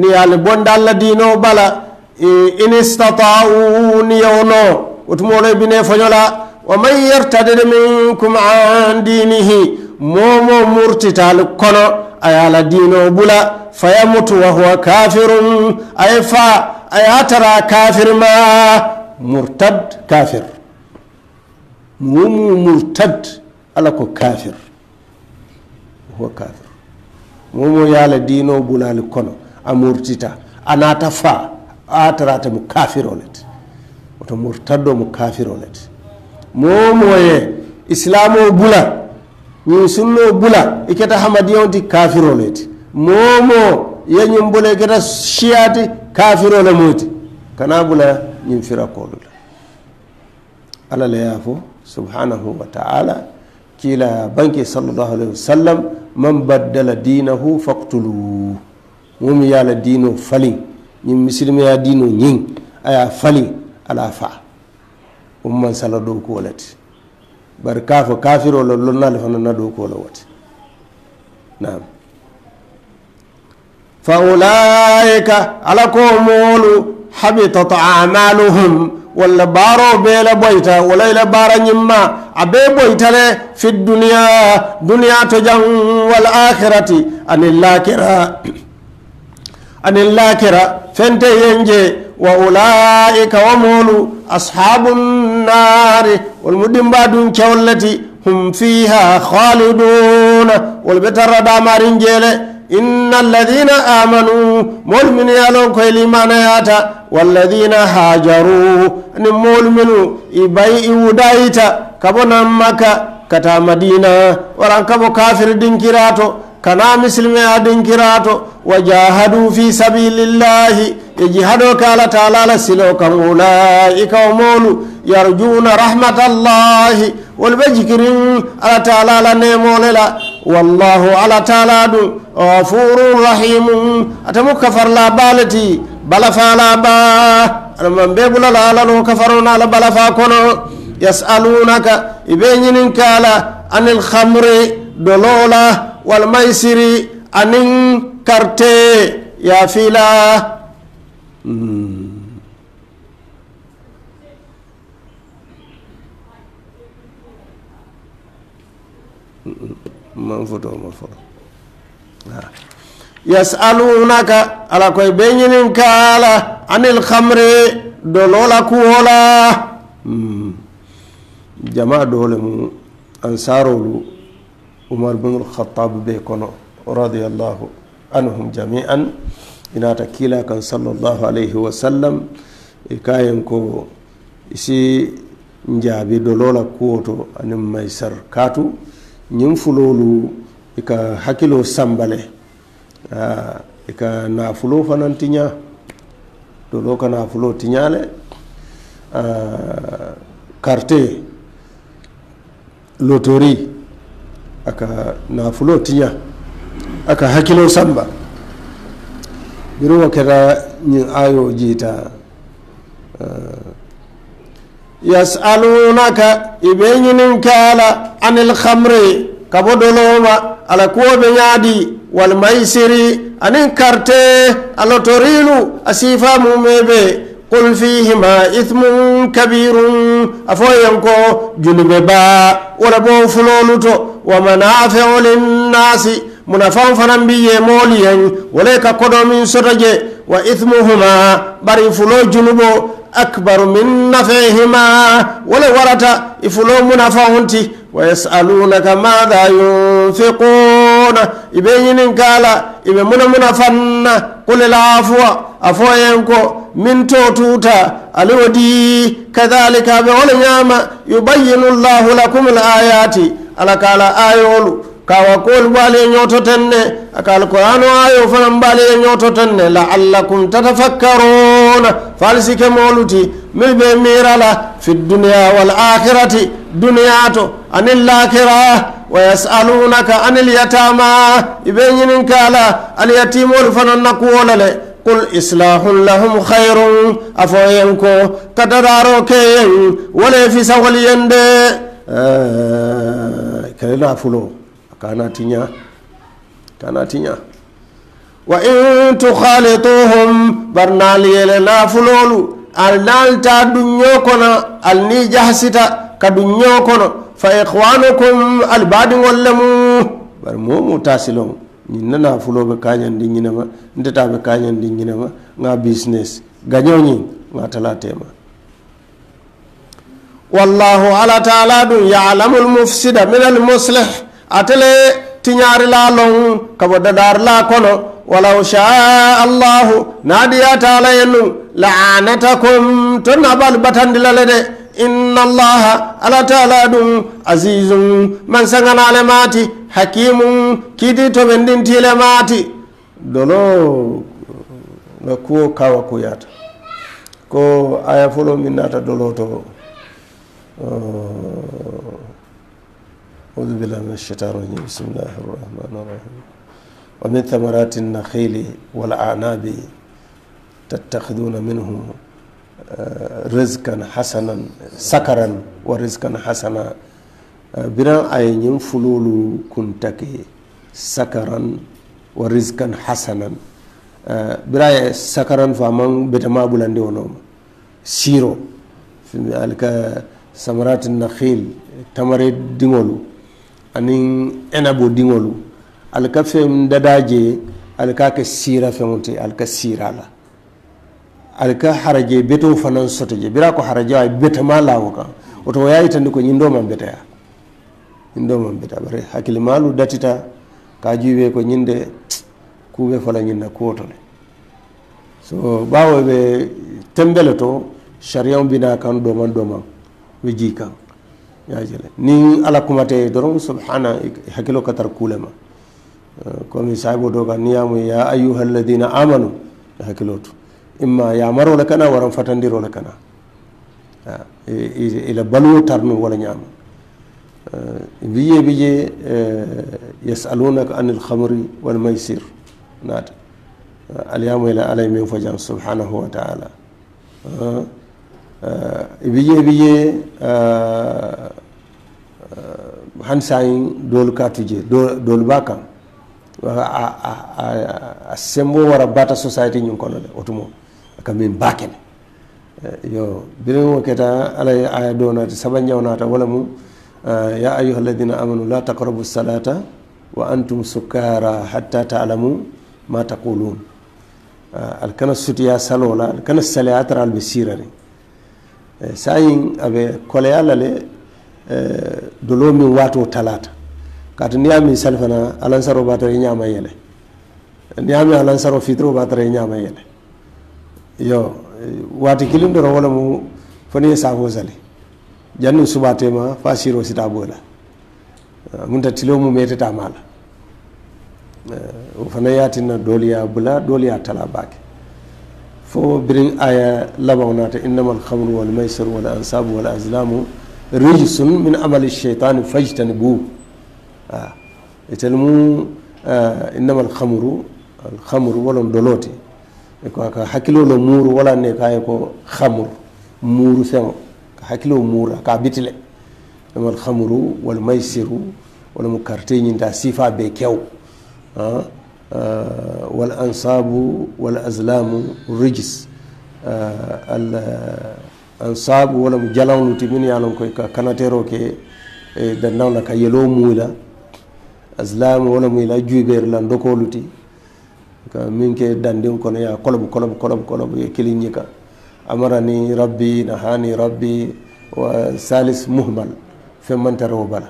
ni yaala bonde allah dino bala in istata'u ni yewno wotumolo e bine foñola wa man yartadid minkum an dinihi momo murtital kono a dino bula fayamutu wa huwa kafirun ay fa kafir ma murtad kafir womu murtad ala ko kafir huwa kafir momo yaala dino bulali kono a murtita a nata fa atarata mo kafir olete oto murtaddo mo kafir olete momoye islam o bula ñin sunno bula iketa hamadiyonti kafirolete momo yeñum bula iketa chiyati kafirole moyti kana bula ñin firakolula alalayafo subhanahu wa ta'ala kila banke sallallahu alaihi wasallam man baddala dinahu faqtulu mum yala dino falin ni misilima ya dino ñin aya fali ala fa umman sala dow kuwolati bari kaafo kafiro lo lonnale fana na dow kuwolo wati nam fa ulaika ala ko moolu habitat amaluhum walla baaro bee la boyta wala ila baara nyimma, a bee boyta le fi duniya duniya to jang wal akhirati anin lakira anin lakira fente yenje wa ulaika wa molu ashabun nari wolmu ɗimba dun kewlleti hum fiha khaliduna wol ɓe tarra damarin jeele إن الذين آمنوا مؤمن يالون كل ما نياتا والذين هاجروا أن نمؤمنوا إباي إودايتا كبو نمكا كتا مدينة وران كبو كافر دينكيراتو كنا مسلم دينكيراتو وجاهدوا في سبيل الله يجهدوا كالا تعالى سلوكا أولئك ومولو يرجون رحمة الله والبجكرين على تعالى نيمون wallahu ala tala ɗum gafurun rahimu atamu kafarla baleti bala fala ba anama be bulala ala no kafarona ala bala fa kono yasalunaka ibe ñinin kala anil hamre dolola walmaysiri anin karte yafila mm. manfotoma fo yasalunaka ala koye ɓe ñinin kala anil hamre dolola kuwola hmm. jama dole mu ansarolu umar bnul khatab be kono radiallahu anhum jamian inata kila kan sallllahu alayhi wa sallam e kayen ko isi njaabi dolola kuwoto anin maysar katou ñiŋ fuloolu i ka hakkiloo sambale i ka naafuloo fanaŋ tiñaa doloo ka naafuloo tiñaa le karte lotori a ka naafuloo tiňa a ka hakkiloo samba biriŋo keta ñiŋ aayoo jiita uh, yasalunaka ibeyinin kala anil khamri kabo doloma ala wal maisiri anin karte alotorilu asifa mumebe qul ma ithmun kabirun afo yenko julube ba wala bo fulolu to wa manafiu nasi munafan fanan biye ye moliyen wala ka kodo min wa ithmuhuma bari fulo julubo akbaru min nafihima wala warata ifulo munafahunti wa yasalunaka madha yunfiquna ibe yinin kala ibe muna fanna qul lafuwa ko min to tuta aliwodi kadhalika be wala nyama yubayyinu llahu lakum alayati alakala ayolu kawakol mbaaliye ñoototen ne aka alqur'ano ayo fana mbaaliye ñoototen ne laallakum tatafakkaruna falsike moluti mil ɓe mirala fi duniya wal akhirati duniya to anil lakira wa yasalunaka anil yatama iɓe kala alyatimolu fana nakuwola le qul islahun lahum hayrun afo yen ko kadararo keyen wole fisawol yen de eh, kalila kana tiña kana tiña wa in tuhalituhum bar naal yele naafuloolu al naalta du ñookono al ni jahsita ka du ñookono fa ixwanukum al baadiŋol le mu bari moo mu taasiloŋ ñiŋ na naafuloo be kañandi ñinema ntetaa be kañandi ñinema ŋa business gañoo ñiŋ ŋa talaateema wallahu ala taala dun yaalamul mufsida min al muslih atele tiñaari la loŋ ka bo dadaari la kono walaw sha allahu naadiyaata ala ye nu laanatakum to nabalu batandi la le de inna allaha ala taala ɗum asisum man saganale maati hakimu kiidi to ɓe ndintiile maati dolo no kuwo kawa kuyata ko aya fulo min naata dolo to uh, أعوذ بالله من الشيطان الرجيم بسم الله الرحمن الرحيم ومن ثمرات النخيل والأعناب تتخذون منه آه، رزقا حسنا سكرا ورزقا حسنا آه، بنا أي ينفلول كنتكي سكرا ورزقا حسنا آه، بنا سكرا فمن بتما بلندي ونوم سيرو في ذلك ثمرات النخيل تمر دينولو anin enabo dingolu ali ka feŋ dadaa je ka ka sira siira feŋo te ka sira la ali ka haraje beto fanan sotaje bira ko haraje ay betema mala kaŋ woto wo ye a yitandi ko nyindo doo beta ya nyindo doo beta bare hakil malu datita ka a ko nyinde kuwe fala be ko to so bawo be tembe le bina kan do man do man wi jikan yajele ni ala kumate doron subhana hakilo katar kulema komi saibo doga niyamu ya ayyuhal ladina amanu hakilotu imma yamaro la kana waran fatandiro la kana ila balwo tarnu wala nyama biye biye yasalunaka anil khamri wal maisir nat al yamu ila alay min fajan subhanahu wa ta'ala Eh, e wiye wiye eh, hani sa in doolu quartidie doolu ba kam a sembo wara bata société ñun kono de otumo ka min bakene eh, yo birimo keta alay aya donate saba ñawnata wala mum ya ayuha alladina amanu la taqrabu salata wa antum sukara hatta talamu ma taquluun al kana sutiya salola al kana sale a taral ɓe sirari Eh, sayin aɓe koleyaala le eh, dolo min waato talata kati ni ami miŋ sali fana alansaroo be a tara yele n'i ami a miŋ fitro ba be a tara yele yo eh, waati kiliŋ doro wala mu fo niŋ ye saafoo sali janniŋ subaateema ma a siiroo sita boo la munta tiloo mu meeteta maa la fana ya a tinna doolu bula doolu tala fo birin aya labawnata innamal khamru wal maisir wal ansabu wal azlamu rijsun min amali shaitani fajtanibu etelmu innamal khamru al khamru walon dolote e ko ka hakkilolo muuru wala ne kaye ko khamru muru feŋo ka hakkilo mura ka bitile innamal khamru wal maisiru wala mu karte ñinta sifa be kew wal ansabu wal azlamu rijis al ansabu wala mu jalanlu ti min ye lon koy ka kanatero ke dannawla ka yelo muyla azlamu wala muyla juibeeri la ndokolu ti ka min ke dandin kono ya kolobu kolobu kolobu kolobu ye kilin ñi ka amarani rabbi nahani rabbi wa salis muhmal femmantarewo bala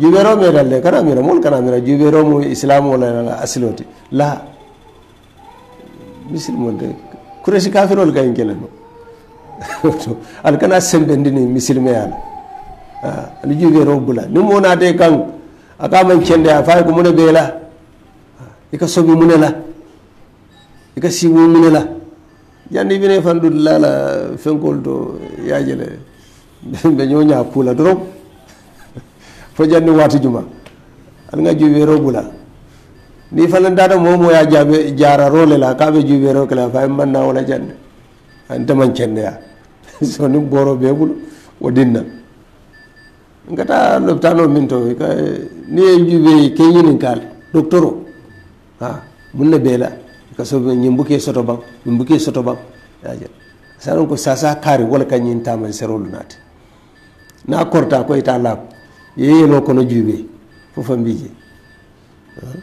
jubeeroo meedhaallee kana mira mool kana mira jubeeroo islam wala la laa de kureshi kaafirool ka hin kelenno halkan as sembendini la ani jubeeroo bula ni moonaatee kan akaa man kende afaayi ku mune beela ika sobi mune la ika siiwuu mune la jandi bine fandu la fenkool to yaa jele be ñoo ñaa kuula dorong fajar janni wati juma an nga juubeero bula ni falantata da moo ya jabe jara le la ka be juubeeroo ro kala fa man (laughs) na wala an ta man ya so ni boro be bul wo dinna nga taa lopitanoo min to ka ni jube ke yini kal doktoro ha mun na bela. ka so ñin ke soto baŋ ñin ke soto baŋ sa sanon ko sa-sa kari wala ka ñin taaman serolu naati na korta ko ita laabu yeye yeyeno kono juuɓe fofa mbije ah.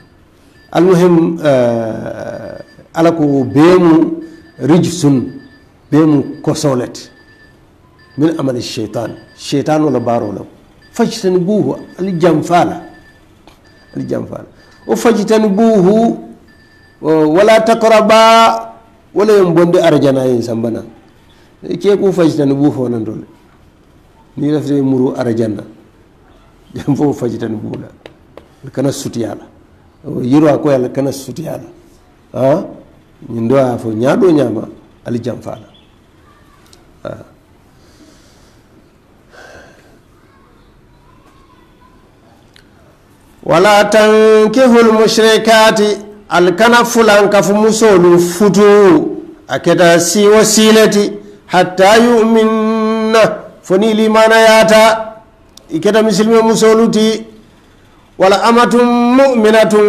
almuhim eh, ala ko beemu rijsun beemu kosolet min amali cheytan cheytan wala barolam fajtani buhu ali jam ali o fajtani buhu eh, wala takraba wala yon bonde arjana yen sambana ke ku fajtani buhu dole ni refte muru arjana jam fof fajitani guula kana sutiyala yiro ko yalla kana sutiyala ha ñin do nyado nyama ñaaɗo ñaama ali jam faala wala tankihul mushrikati alkana fulanka fu musolu futu aketa si wasilati hatta yuminna foni limana yata iketa misilime musolu ti wala amatum ko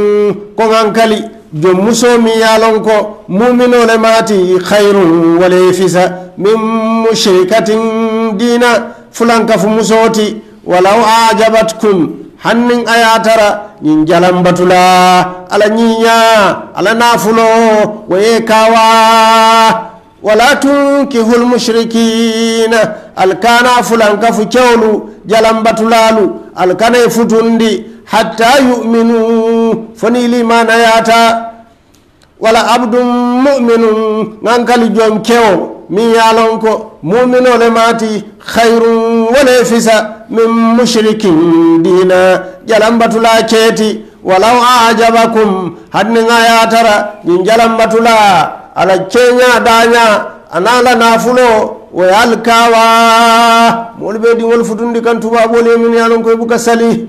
koŋankali jom muso mi yalon ko mumino le mati hayrun wala fisa min mushrikatin dina fulankafu musoo musoti wala ajabatkum hannin ayatara nin tara batula ala nyinya ala nafulo wo kawa wala tunkihul mushrikina alkana fulankafu kewlu jalambatulalu alkana e futundi hatta yuminu foni limana yata wala abdum muminu gankali jom kewo min yalon ko muminole mati hayrum wone fisa min mushrikin dina jalambatula keti walaw ajabakum hadni ga yatara ñin jalambatula ala keña daña anala nafulo wa yalkawa mol be di wol futundi kan tuba bol min yalon koy buka sali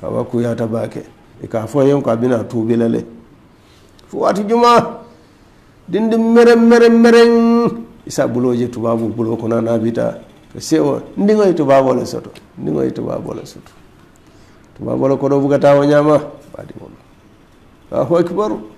kawa ku ya tabake e ka fo yon ka bina tubi lele fu wati juma dindi mere mere mere isa buloje tuba bu bulo ko na nabita ko sewa ndingo e tuba bol soto ndingo e tuba bol soto tuba bol ko do buka tawo nyama badi mol akbaru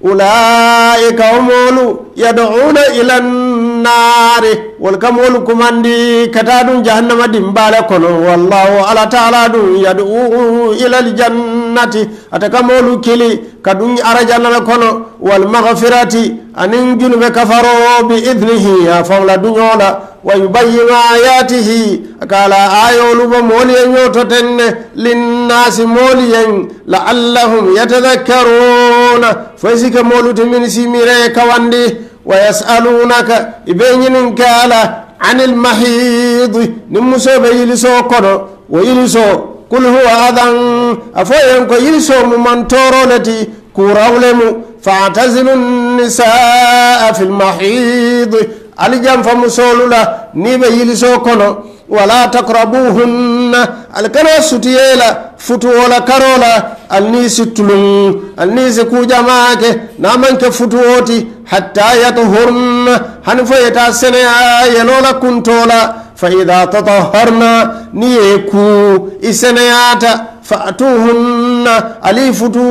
ulaika omolu yaduna ila nnaari wol ka molu kumandi kata ɗum jahannama dimbale kono wallahu ala taala ɗum yaduu ila ljanna jannati atakamoolu kili kadun ara jannana kono walmagfirati anin junube kafarowo biidnihi a fawla duñola wa yubayinu ayatihi akala ayolu bo moolu ye ñoto tenne linnasi moolu yen laallahum yatadakkaruna foy sike moolu timin simireye kawandi wa yasalunaka ibe ñininkala nin المحيض نمسو kono كنو ويلسو قل هو أذن afo yen ko yiri somu man toro leti kurawlemu fa'tazilu nisaa fi mahid ali janfa musolu la ni be yiliso kono wala takrabuhunna ali kana sutiyela futuwola karola ali ni si tulun ali ni ke kujamake namanke futuwoti hatta yatuhurna hani fo yeta seneya yelola kuntola فإذا تطهرن نيكو إسنيات فأتوهن أليفتو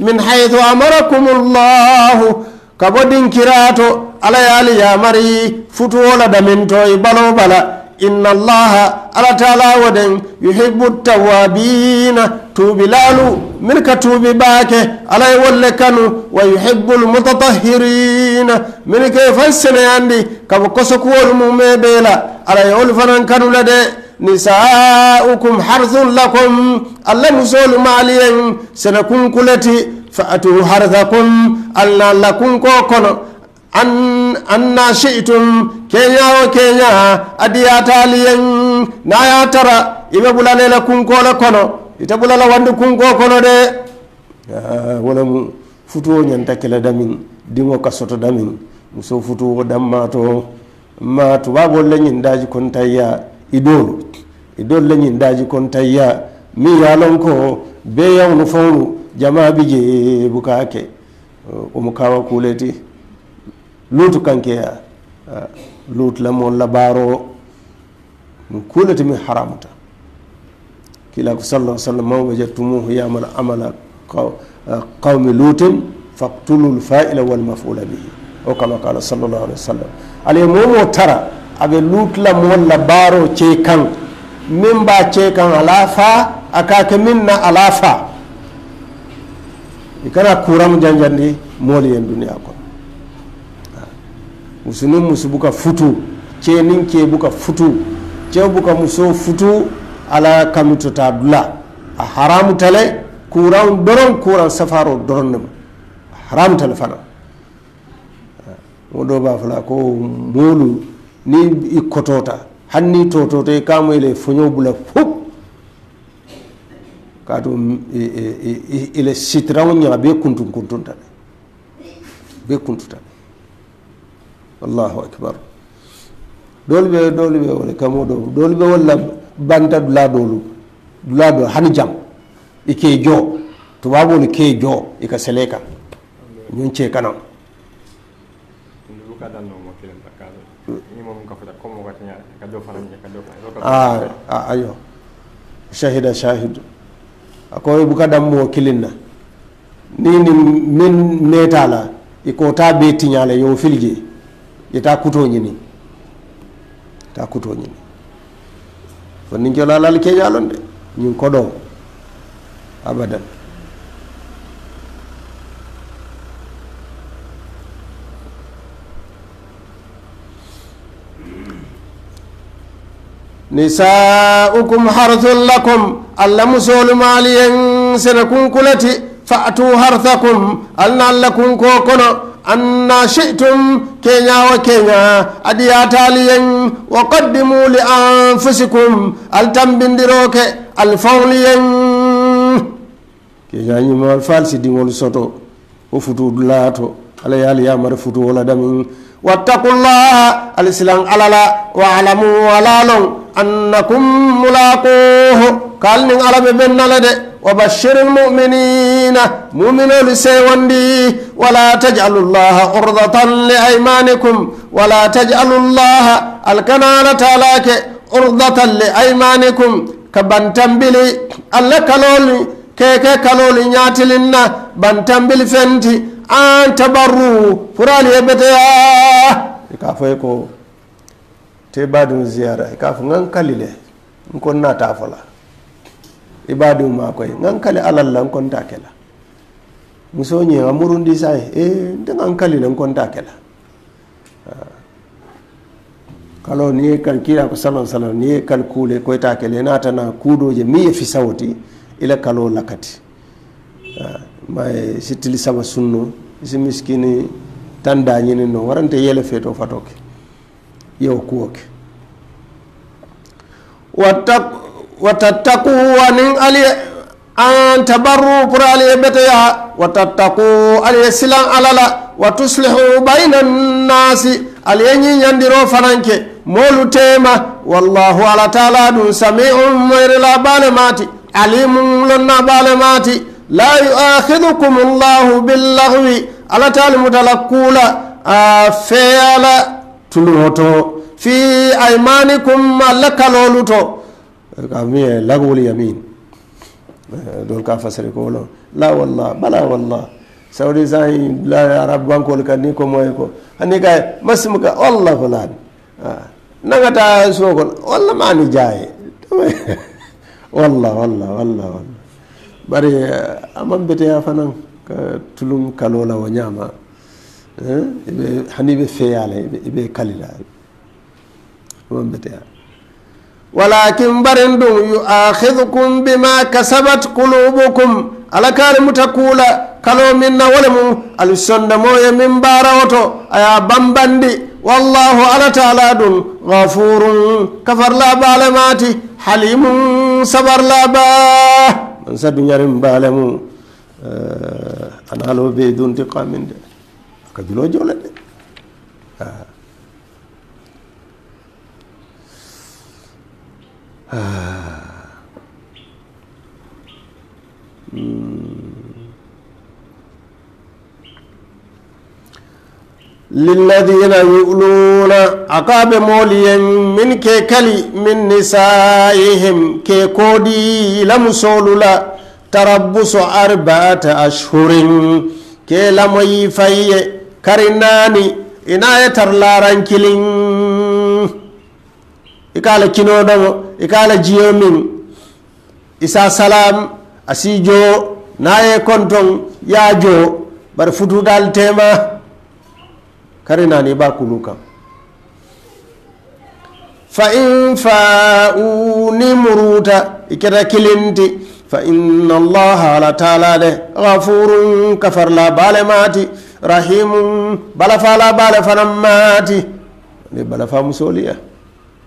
من حيث أمركم الله كبدين كراتو على يالي يا مري فتولا دمنتو بلو بلا inna allaha ala taala waɗen yuhibbu tawabina tuubi laalu min ka tuubi baake alay wolle kanu wa yuhibbu lmutatahhirin muminina min ke fan seneyandi kabo kosokuwolu mume bela ala yewolu fanan kanula de nisaukum harthun lakum alla musolu maaliyen sene kunkuleti fa'atu harthakum alla alla kono anna shi'tum keñawo keña adiyataliyen naya tara iɓe ɓulalela kunkole kono ite ɓulala wandi kunko kono de wolamu futuo ñanta kele damin diŋo ka soto damin muso futuo dammato ma tubaabolu le ñiŋ daaji kontayya idoolu idoolu le ñiŋ daaji kontayya miŋ ye a loŋ ko beeyaŋolu faŋolu jamaa bi je bukaa ke wo mu kaawa kuule ti luutu kankeya luutu la moolu la baaroo mu kuule ti miŋ haramuta kiilaa ko sallaa sallam maŋo be je tumuhu yaamala amala qaumi lutin faktulu lfaila walmafula bihi o kama kala sallallahu alaihi wasallam alaye momo tara aɓe lutla mool labaro cey kan min ba cey kan ala fa akake min na ala fa i kana kuramu janjandi moolu yen duniya kono musu nin musu futu cee nin cee buka futu cee buka muso futu ala kamituta dula a haramu tale kuuraan doroon kuuraan safaaroo doronnima haramtana fana mo ɗo ba fala ko moolu ni i kotota hanni tototo e kamoyle foño bula fof ka tum ile sitiraŋo ñaga be kuntun kuntunta ɗe be kuntuta ɗe wallahu akbar doolu ɓe doolu ɓe wole kamo ɗo doolu ɓe wolla banta dula doolu dula do hani jam i ke jo ni ke jo ika sele kan ñun ce kana ah, ayo shahida shahidu akoy buka dammo kilinna ni ni min netala iko ta be tiñala yo filje ita kuto nyini ta kuto nyini fo ni lal ke jalonde ko do abadan nisa'ukum harthun lakum alla musolu maliyen senakun kulati fa'atu harthakum alna allakun ko kono anna shi'tum kenya wa kenya adiya taliyen wa qaddimu li anfusikum altambindiroke alfawliyen yañimawal falsidiŋolu soto wo futuudu laato ala ye ali yamara futuwo la damiŋ wattakullaha ali silaŋ ala la wa alamu ala loŋ annakum mulakuho ka ali niŋ ala be benna la de wa basiril muminina muminolu sewondi wala tajalu llaha urdatan li aimanikum wala tajalu llaha alkanala tala ke urdatan li aimanikum ka bantambili alla kalolu keke kalol ñaatilinna bantambil fenti an tabarru furali hebeteya i ka fo ye ko te badum ziyara i ka fo ŋan kali le n kon nata fo la i badum ma koy ŋan kali alal la n ke la muso ñiŋa murundi sa eh, e nte ŋan kali le n kon ta ke la kalo ni ye kal kira ko salon salon ni ye kal kule koy ke le naata na kuudo je miŋ ye fisawo ti ila kaloo nakati ah, maye eh, sittili sama sunno si miskini tan dañini no warante yele feto fato ke yewo kuwo ke watattaku anin ali an tabarru pour ali e ɓeteya watattaku ali ye silan alala wa tuslihu bayna nnasi ali ye ñiñandiro fananke moolu tema wallahu ala taala ɗum samiun moyrela bane mati alimun lanna balimati la yu'akhidhukum Allahu bil lagwi ala tal mutalakula afeyala tulumoto fi aymanikum malakaloluto kamiye lagwul yamin eh, dol ka fasare ko lo la wallah bala wallah saudi sai la arab bankol kan ni ko moy ko hani kay masmuka wallah fulan ah, nanga ta so ko wallah mani jaye walla walla walla walla bari aman beteya fanan ka tulun kalola wo ñama ibe hani be feyala ibe kalila aman beteya walakin barin ɗum yu'akhidukum bima kasabat qulubukum ala kare muta kula kalo min na wole mum ali sonda moye min bara woto aya bambandi wallahu ala taala ɗum gafurun kafarla balemati halimum sabarlaaba mansa addunyaan hin baalamu eh, anaaloo beeyduun xiqqaamin de akka juloo jooladhe Hmm. lilladina yuluna akaɓe moliyen min ke kali min nisayihim ke kodi lamusolula tarabbuso arbaata ashhurin ke lamoyi fayye karinani inaye tar larankilin ikala kinodomo ikala jiyomin isa salam asijo naye konton yajo bar futudal tema karina ne ba kunu kan fa'in fa'u ni muruta ikira kilinti fa'in Allah ala tala de ghafurun kafar labale mati rahimun balafa labale fanan mati ne balafa musoliya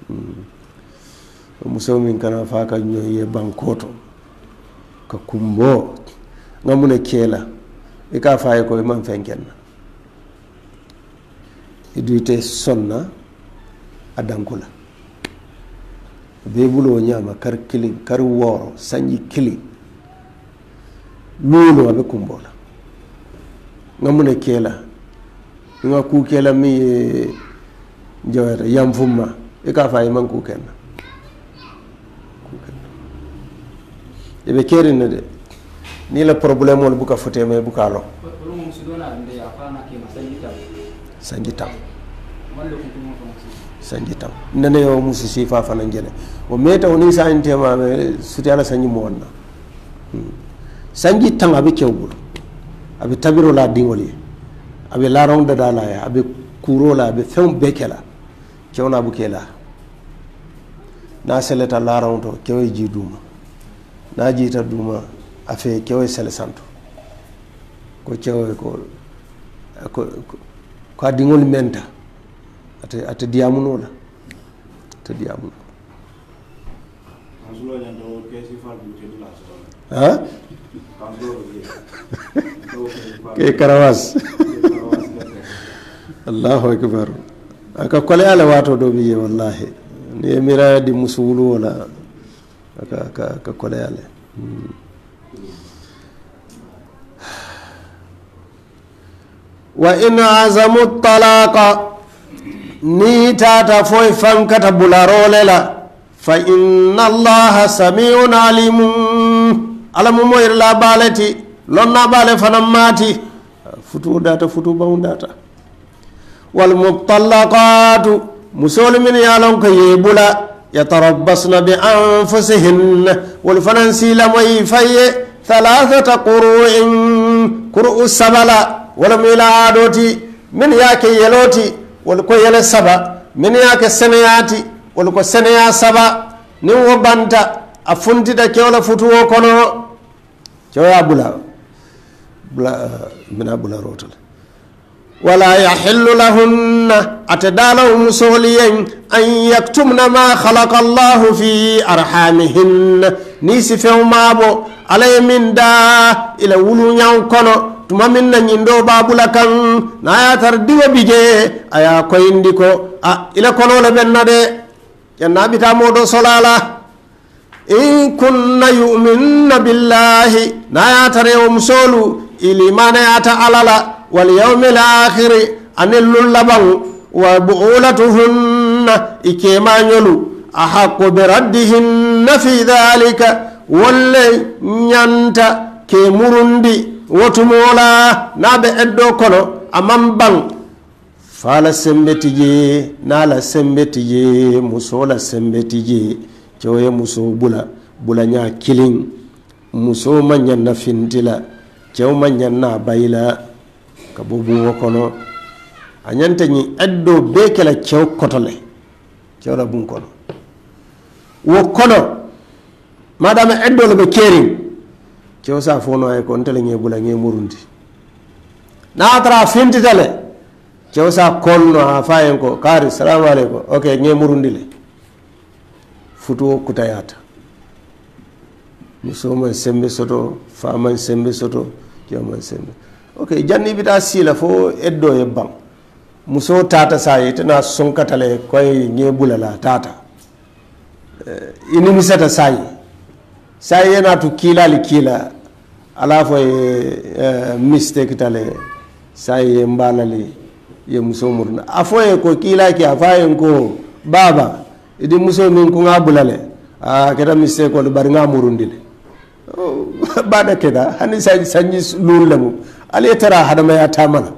hmm. muso min kana fa ka ban bankoto ka kumbo nga kela ikafa ya fa ye ko man fɛn kɛnna hiduite sonna a danko la bee buloo ñaama kar kili kar wooro sanji kili luulu a be kumboo la nga mu ne kee la nga kuu kee la miŋ ye jaweta yam fumma i ka faa ye maŋ kuu kenna i be keeriŋ ne de niŋ la problème wolu buka futee ma i buka a sanji taŋ sanji taw nene yo musu sifa fa fana jene o meta woni sa ma me suti ala sanji mo wonna sanji tan abi kewbul abi tabiro la dingoli abi la ronda dala ya abi kuro la abi fem bekela kewna bu kela na seleta la ronto kewe ji duma na jita duma afe kewe sele santo ko kewe ko ko ko adingol menta ate ate diyamunola ate diyamuno ke karawas (laughs) allahu acbar aka kole ala wato do mi ye wallahi ni emira di musuwulu wola aka ka ka kole ala hmm. wa in azamu talaqa ni tata foyi fankata bularole la fa inna allaha samiun alimun ala mumo yirla baale ti lonna baale fanan mati. futu data futu baŋ data walmutallaqatu musolu min ye lon ko yebula yatarabbasna bi anfusihinna wolu fanan silamoyi faye thalathata quru'in quru'u sabala wala mu min yake yeloti woluko yele saba mini yake seneyati woluko seneya saba ni wo banta afuntita kewola futuwo kono kewoya bula bula mina bula rotol wala yahillu lahunna atadalaw musuliyan an yaktumna ma khalaqa Allah fi arhamihin ni sifew mabo alay min da ila wulu kono tuma min na ñindo babula kan naya tar diwo bije aya koyindi ko a ila konole ɓen na de ƴenna ɓita modo solala in kunna yuminna billahi naya tar yowm soolu ilimanayata alala walyawmil akhiri anin lullaban wa buulatuhunna i kemañolu a hakku be raddihinna fi dalika wolle ñanta ke murundi wotu moola na ɓe eddo kono aman baŋ fala sembeti je nala sembeti je musola sembeti je cewoye muso bula bula ya kilin muso manyanna fintila cew manyanna bayila ka bo buwo kono a ñanta ñi eddo be kela cew kotole cewla bun kono wo kono madame eddo lo ɓe kerin kewo sa fono ay ko ntele nge bula nge murundi na tara finti tale kewo sa konno ha fayen ko kari salamu aleykum ok nge murundi le futuwo kutayata musoman sembe soto faman sembe soto joman sembe ok janni bita sila fo eddo ye ban muso tata saye tana sunkatale koye nge bulala tata eh, inimisata saye saye yana tu kiilali kiila ala fo ye eh, mistake tale sai ye mbalali ye muso murna a fo ye ko kila ki a fa yen ko baba idi muso min ko nga bulale a keta mistake ko bari nga murundi le oh, (laughs) da keda hani sanji lulle mu ale tara hadamaya tamana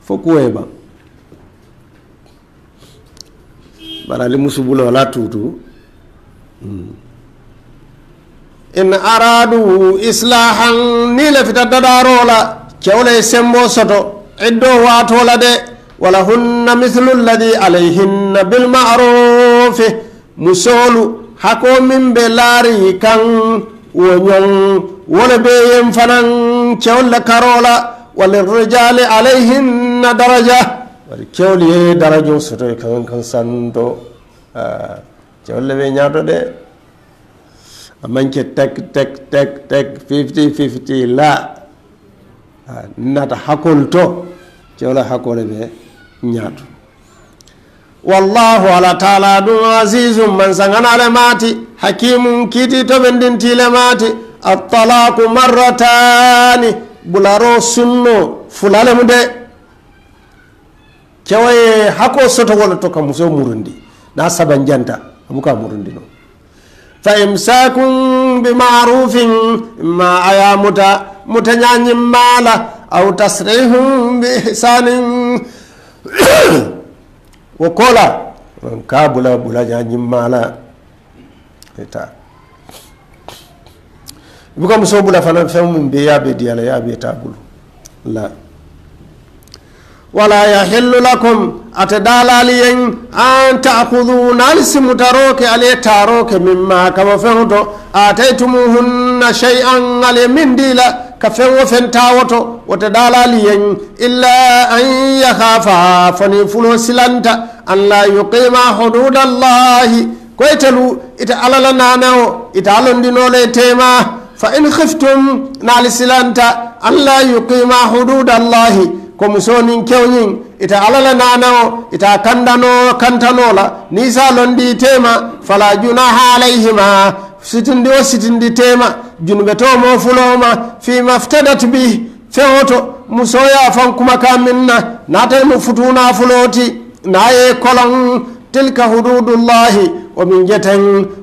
fo kuwoye ba bari ali musu bula wala tutu mm. in aradu islahan ni lefita dadarola cewle sembo soto iddo watola de wala hunna mislu lladi alayhinna bilmarufi musolu hako min be laari kan woñon wole be yen fanan cewle karola walirijali alayhinna daraja wari cewle ye darajo soto kan kan santo cewle be ñato de manke tek tek tek tek 50 50 la nata hakol to cewla hakole ɓe ñaatu wallahu ala taala ɗum asisum man saganale maati hakimum kiiti tomen dintile maati altalaku marratani ɓularo sunno fulale mu de cewaye hako sotowola tokka museo murundi na saban janta abuka murundi non فإمساكم بمعروف ما يا متى متنعني مالا أو تصريح بإحسان وقولا كابولا بولا جاني مالا ibuka muso bula fana fɛn mun be ye a be diyala ye a be taa bulu la wala yahillu lakum ata dalaliyen an mu taro ke ale taroke mimma kama fento ataytumuhunna shay'an ale min dila ka fen wo fen tawoto wota dalaliyen illa an yakhafa fani fulo silanta an la yuqima hududallahi koytalu ita alala nanawo ita alondinole fa in na naali silanta an la da hududallahi ko musonin ita alala na nawa ita kandano kantanola ni sa londi tema fala junaha sitin sitindi o sitindi tema junube mo fuloma fima ftadat bi fewo musoya fan kumaka minna natay mo futuna fuloti ye kolon tilka hududullahi wa min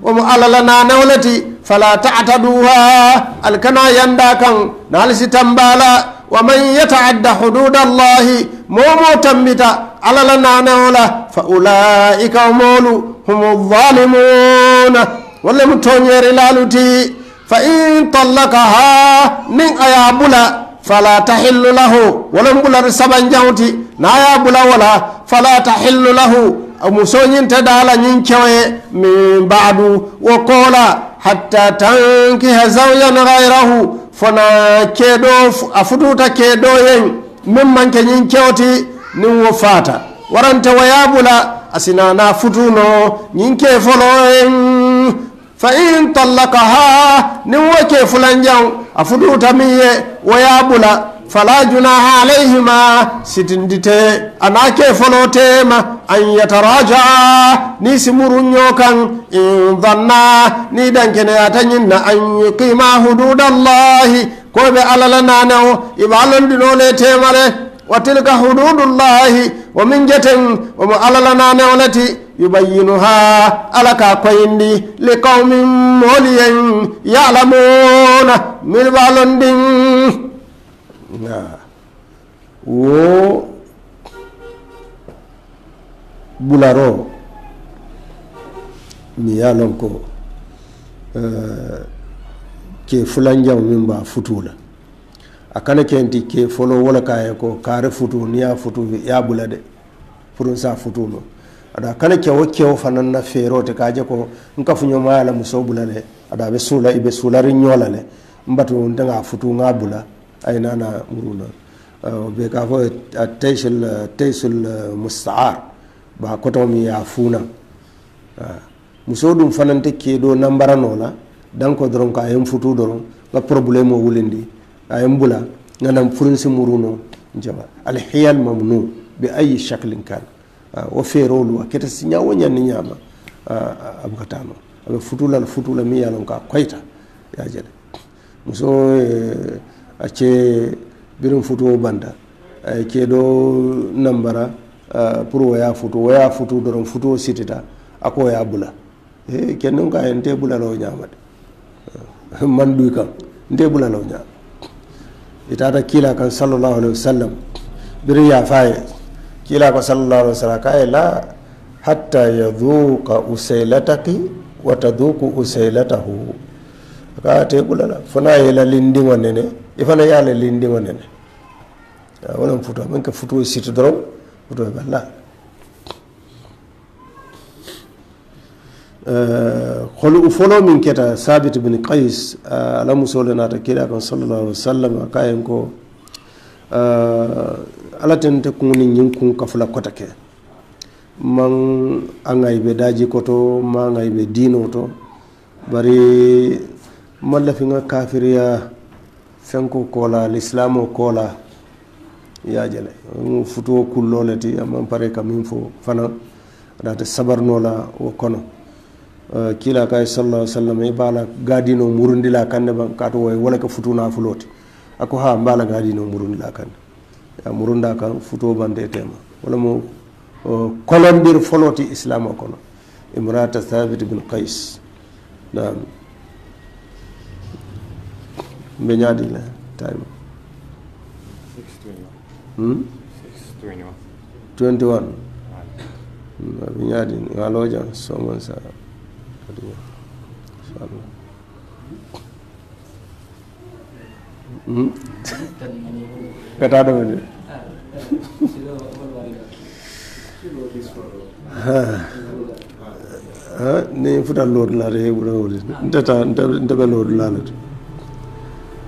wa mu alala na nanawlati fala tataduha alkana yanda kan naalisi tambala wa man yataadda hudud allahi momo tambita alala nanawola fa ulaika molu hum alzalimuna walla mu toñeere laaluti fa in tallakaha nin aya bula fala tahillu lahu wolon bulata saban jawti naya bula wala fala tahillu lahu musoñinta dala ñin cewe min badu wo kola hatta tankiha zawjan gayrahu fona kedo a fututa keeɗo yen min manke ñiŋ kewti nin wo fata warante wayabula asinana futuno ñin ke folo fa in tallakaha nin wo ke fulanjan a fututa miŋ ye wayabula fala junaha alayhima sitindite ana ke folotema an yataraja ni simuruño kan in danna ni ɗankene atañinna an yuqima hududa llahi koɓe alala nane o iɓa londinole temare wa tilka hududu llahi omin jeten omo alala nane o lati yubayinuha ala ka koyindi li qaumin moliyen yalamuna milba londin na wo bularo mi ya lon ko uh, ke fulanjaw min ba futula a kana ken ti ke folo wala kaye ko kare futu ni ya futu ya bula de purun sa futu no ada kana ke wo ke fanan na fero te ka je ko nka funyo ma ala muso bula le ada be sula ibe sula ri nyola le mbatu ndanga futu nga bula na أيننا مرونة بك muso التيش التيش المستعار با كتوم يعفونا musodum fanante keɗo nambaranola danko doron ko ayen futu doron ga probléme o wulindi ayen bula ganam furinsi muruno jaba alhiyal mamnu bi ayi chaklin kan wo feerolu a keta si ñawo ñanni ñama abukatano ma futulal futula mi yalon ka ya yajede muso a ce birin futuwo banda ke do nambara pour ya futu ya futu doron ta sitita ko ya bula e, nun ka e, nte bula law ñamade man duy kan nte bula nya ita ta kila kan sallallahu alaihi wasallam birin ya faye kila ka sallallahu alaihi wasallam ka kaye la hatta yadhuqa usailataki wa tadhuku usailatahu kaa te funa fona lindi wanne ne. ifana yaale lin ndimanene wonon futo min ke futo e sito drow futo e balla hol ufono min keta sabit bin kays alamusole nata keɗa kon sallallah alih wa sallam kayen ko alaten te kuni ñin kun kafula kota ke man aŋay ɓe daji koto ma aŋay ɓe dino to bari mallafiŋa kafiriya fenko kola l'islamo kola yajele mu futuo kullo le ti aman pare ka min fo fana adata sabarno la wo kono uh, eh, kila kay sallallahu alaihi wasallam e bala gadino murundila kande ban kato way wala ka futuna fuloti ako ha mbala gadino murundila kande ya murunda kan futuo bande tema wala mo uh, eh, kolondir foloti islamo kono imrata thabit bin qais na'am Beñaadila time. six hmm? twenty one. six twenty one. twenty one. nga biñaadi ngaalooja somon sa kadiya inshallah kata ɗo de ni futa loodu laade heɓuɗo wode ntata nteɓe loodu laalade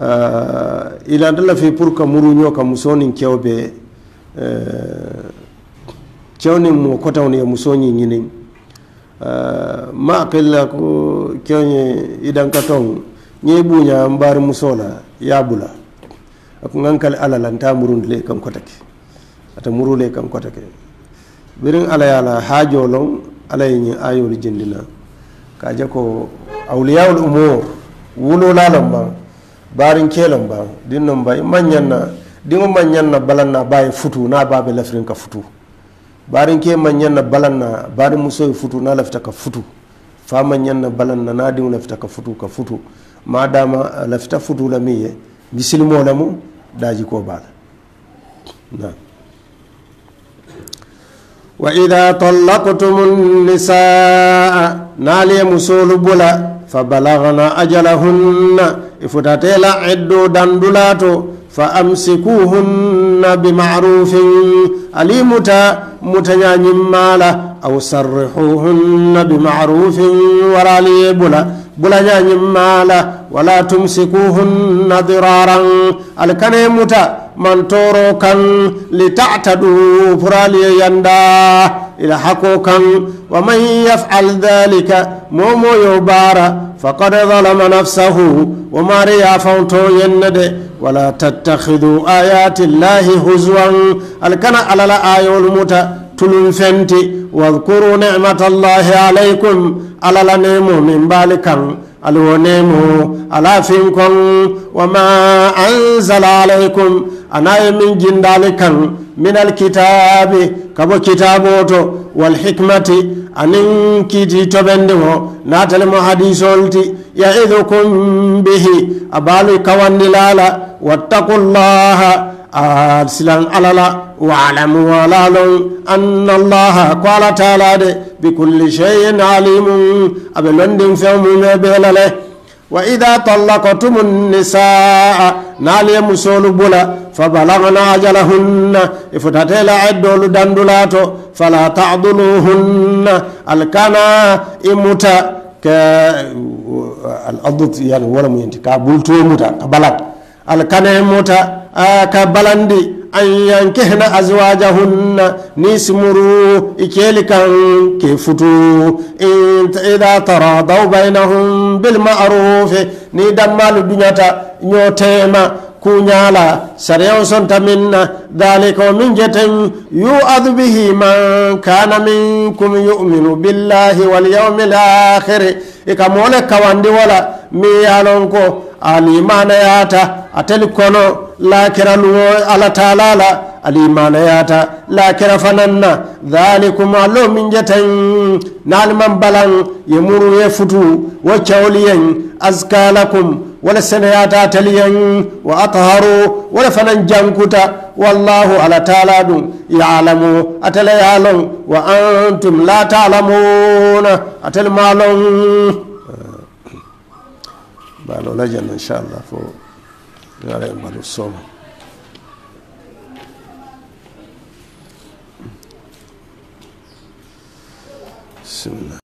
uh, il anda la fe pour ka muruño ka muso nin kewɓe uh, kewnin mo kotawn e musoñi ñinin uh, ma qilla ko kewñe idanka ton ñe ɓuuña mbaari musola yaabula ako gankale ala lanta murundile kan kotake ata murule kan kotake birin ala yala haajo lon ala ye ñin ayolu jindina ka je ko awliyawul umour barin kelan ba dinnan ba manyan na dingo manyan na balan na baye futu na babe lafirin ka futu barin ke manyan na balan na barin muso futu na lafta ka futu fa manyan na balan na na dingo lafta ka futu ka futu ma dama lafta futu la miye misilmo lamu daji ko bala na وإذا طلقتم النساء نالي مسول بلا فبلغنا أجلهن إفتتيل عدو دندلاتو فأمسكوهن بمعروف أليمتا متى متنان مالا أو سرحوهن بمعروف ورالي بلا بلا مالا ولا تمسكوهن ضرارا الكني متى man toro kan litatadu furaliye yanda ila hako kan wa man yaf'al dhalika momo yo bara faqad zalama nafsahu wa mari ya fawto yenne de wala tattakhidu ayati llahi huzwan alkana alala ayol muta tulun fenti wadhkuru ni'matallahi alaykum alala nemo min balikan alwonemo alafin kon wama anzala alaykum anaye min jindali kan min alkitabi kabo kitaboto walhikmati anin kiti tobende o natalemo hadisolti yaidukum bihi abalu kawandilala wattaqullaha asilan alala wa alamu ala lon an allaha ko ala taala de bi kulli cheyin alimum aɓe londin few mume ɓelale wa ida tallakotumu nisaa naali ye musolu bula fa balagana ajalahunna e fotatela eddolu dandulato fala taduluhunna alkana i muta ke aladut yani wala muyenti ka bultuwe muta ka balat alkane muta ka balandi an yankehna azwajahunna ni simuru i keli kan ke futu ida taradau bainahum bilmarufe ni dammalu duñata ñotema kuñala sariyaw sonta minna dalika o min jeten yuadu bihi man kana minkum yuminu billahi walyaumil akhiri ika mole kawandi wala mi yalon ko alimanayata atel kono lakiral wo alatalala alimanayata lakira fananna dhalikum allo min jeten naaliman balan yemuru ye futu wo cawliyen askalakum wala seneyata teliyen wa ataharu wala fanan jankuta wallahu ala taala ɗum yalamu atele yalon wa antum la talamuna atel malon Ba'alola Jannah inshallah for Yara Imbalo Soma. Bismillah.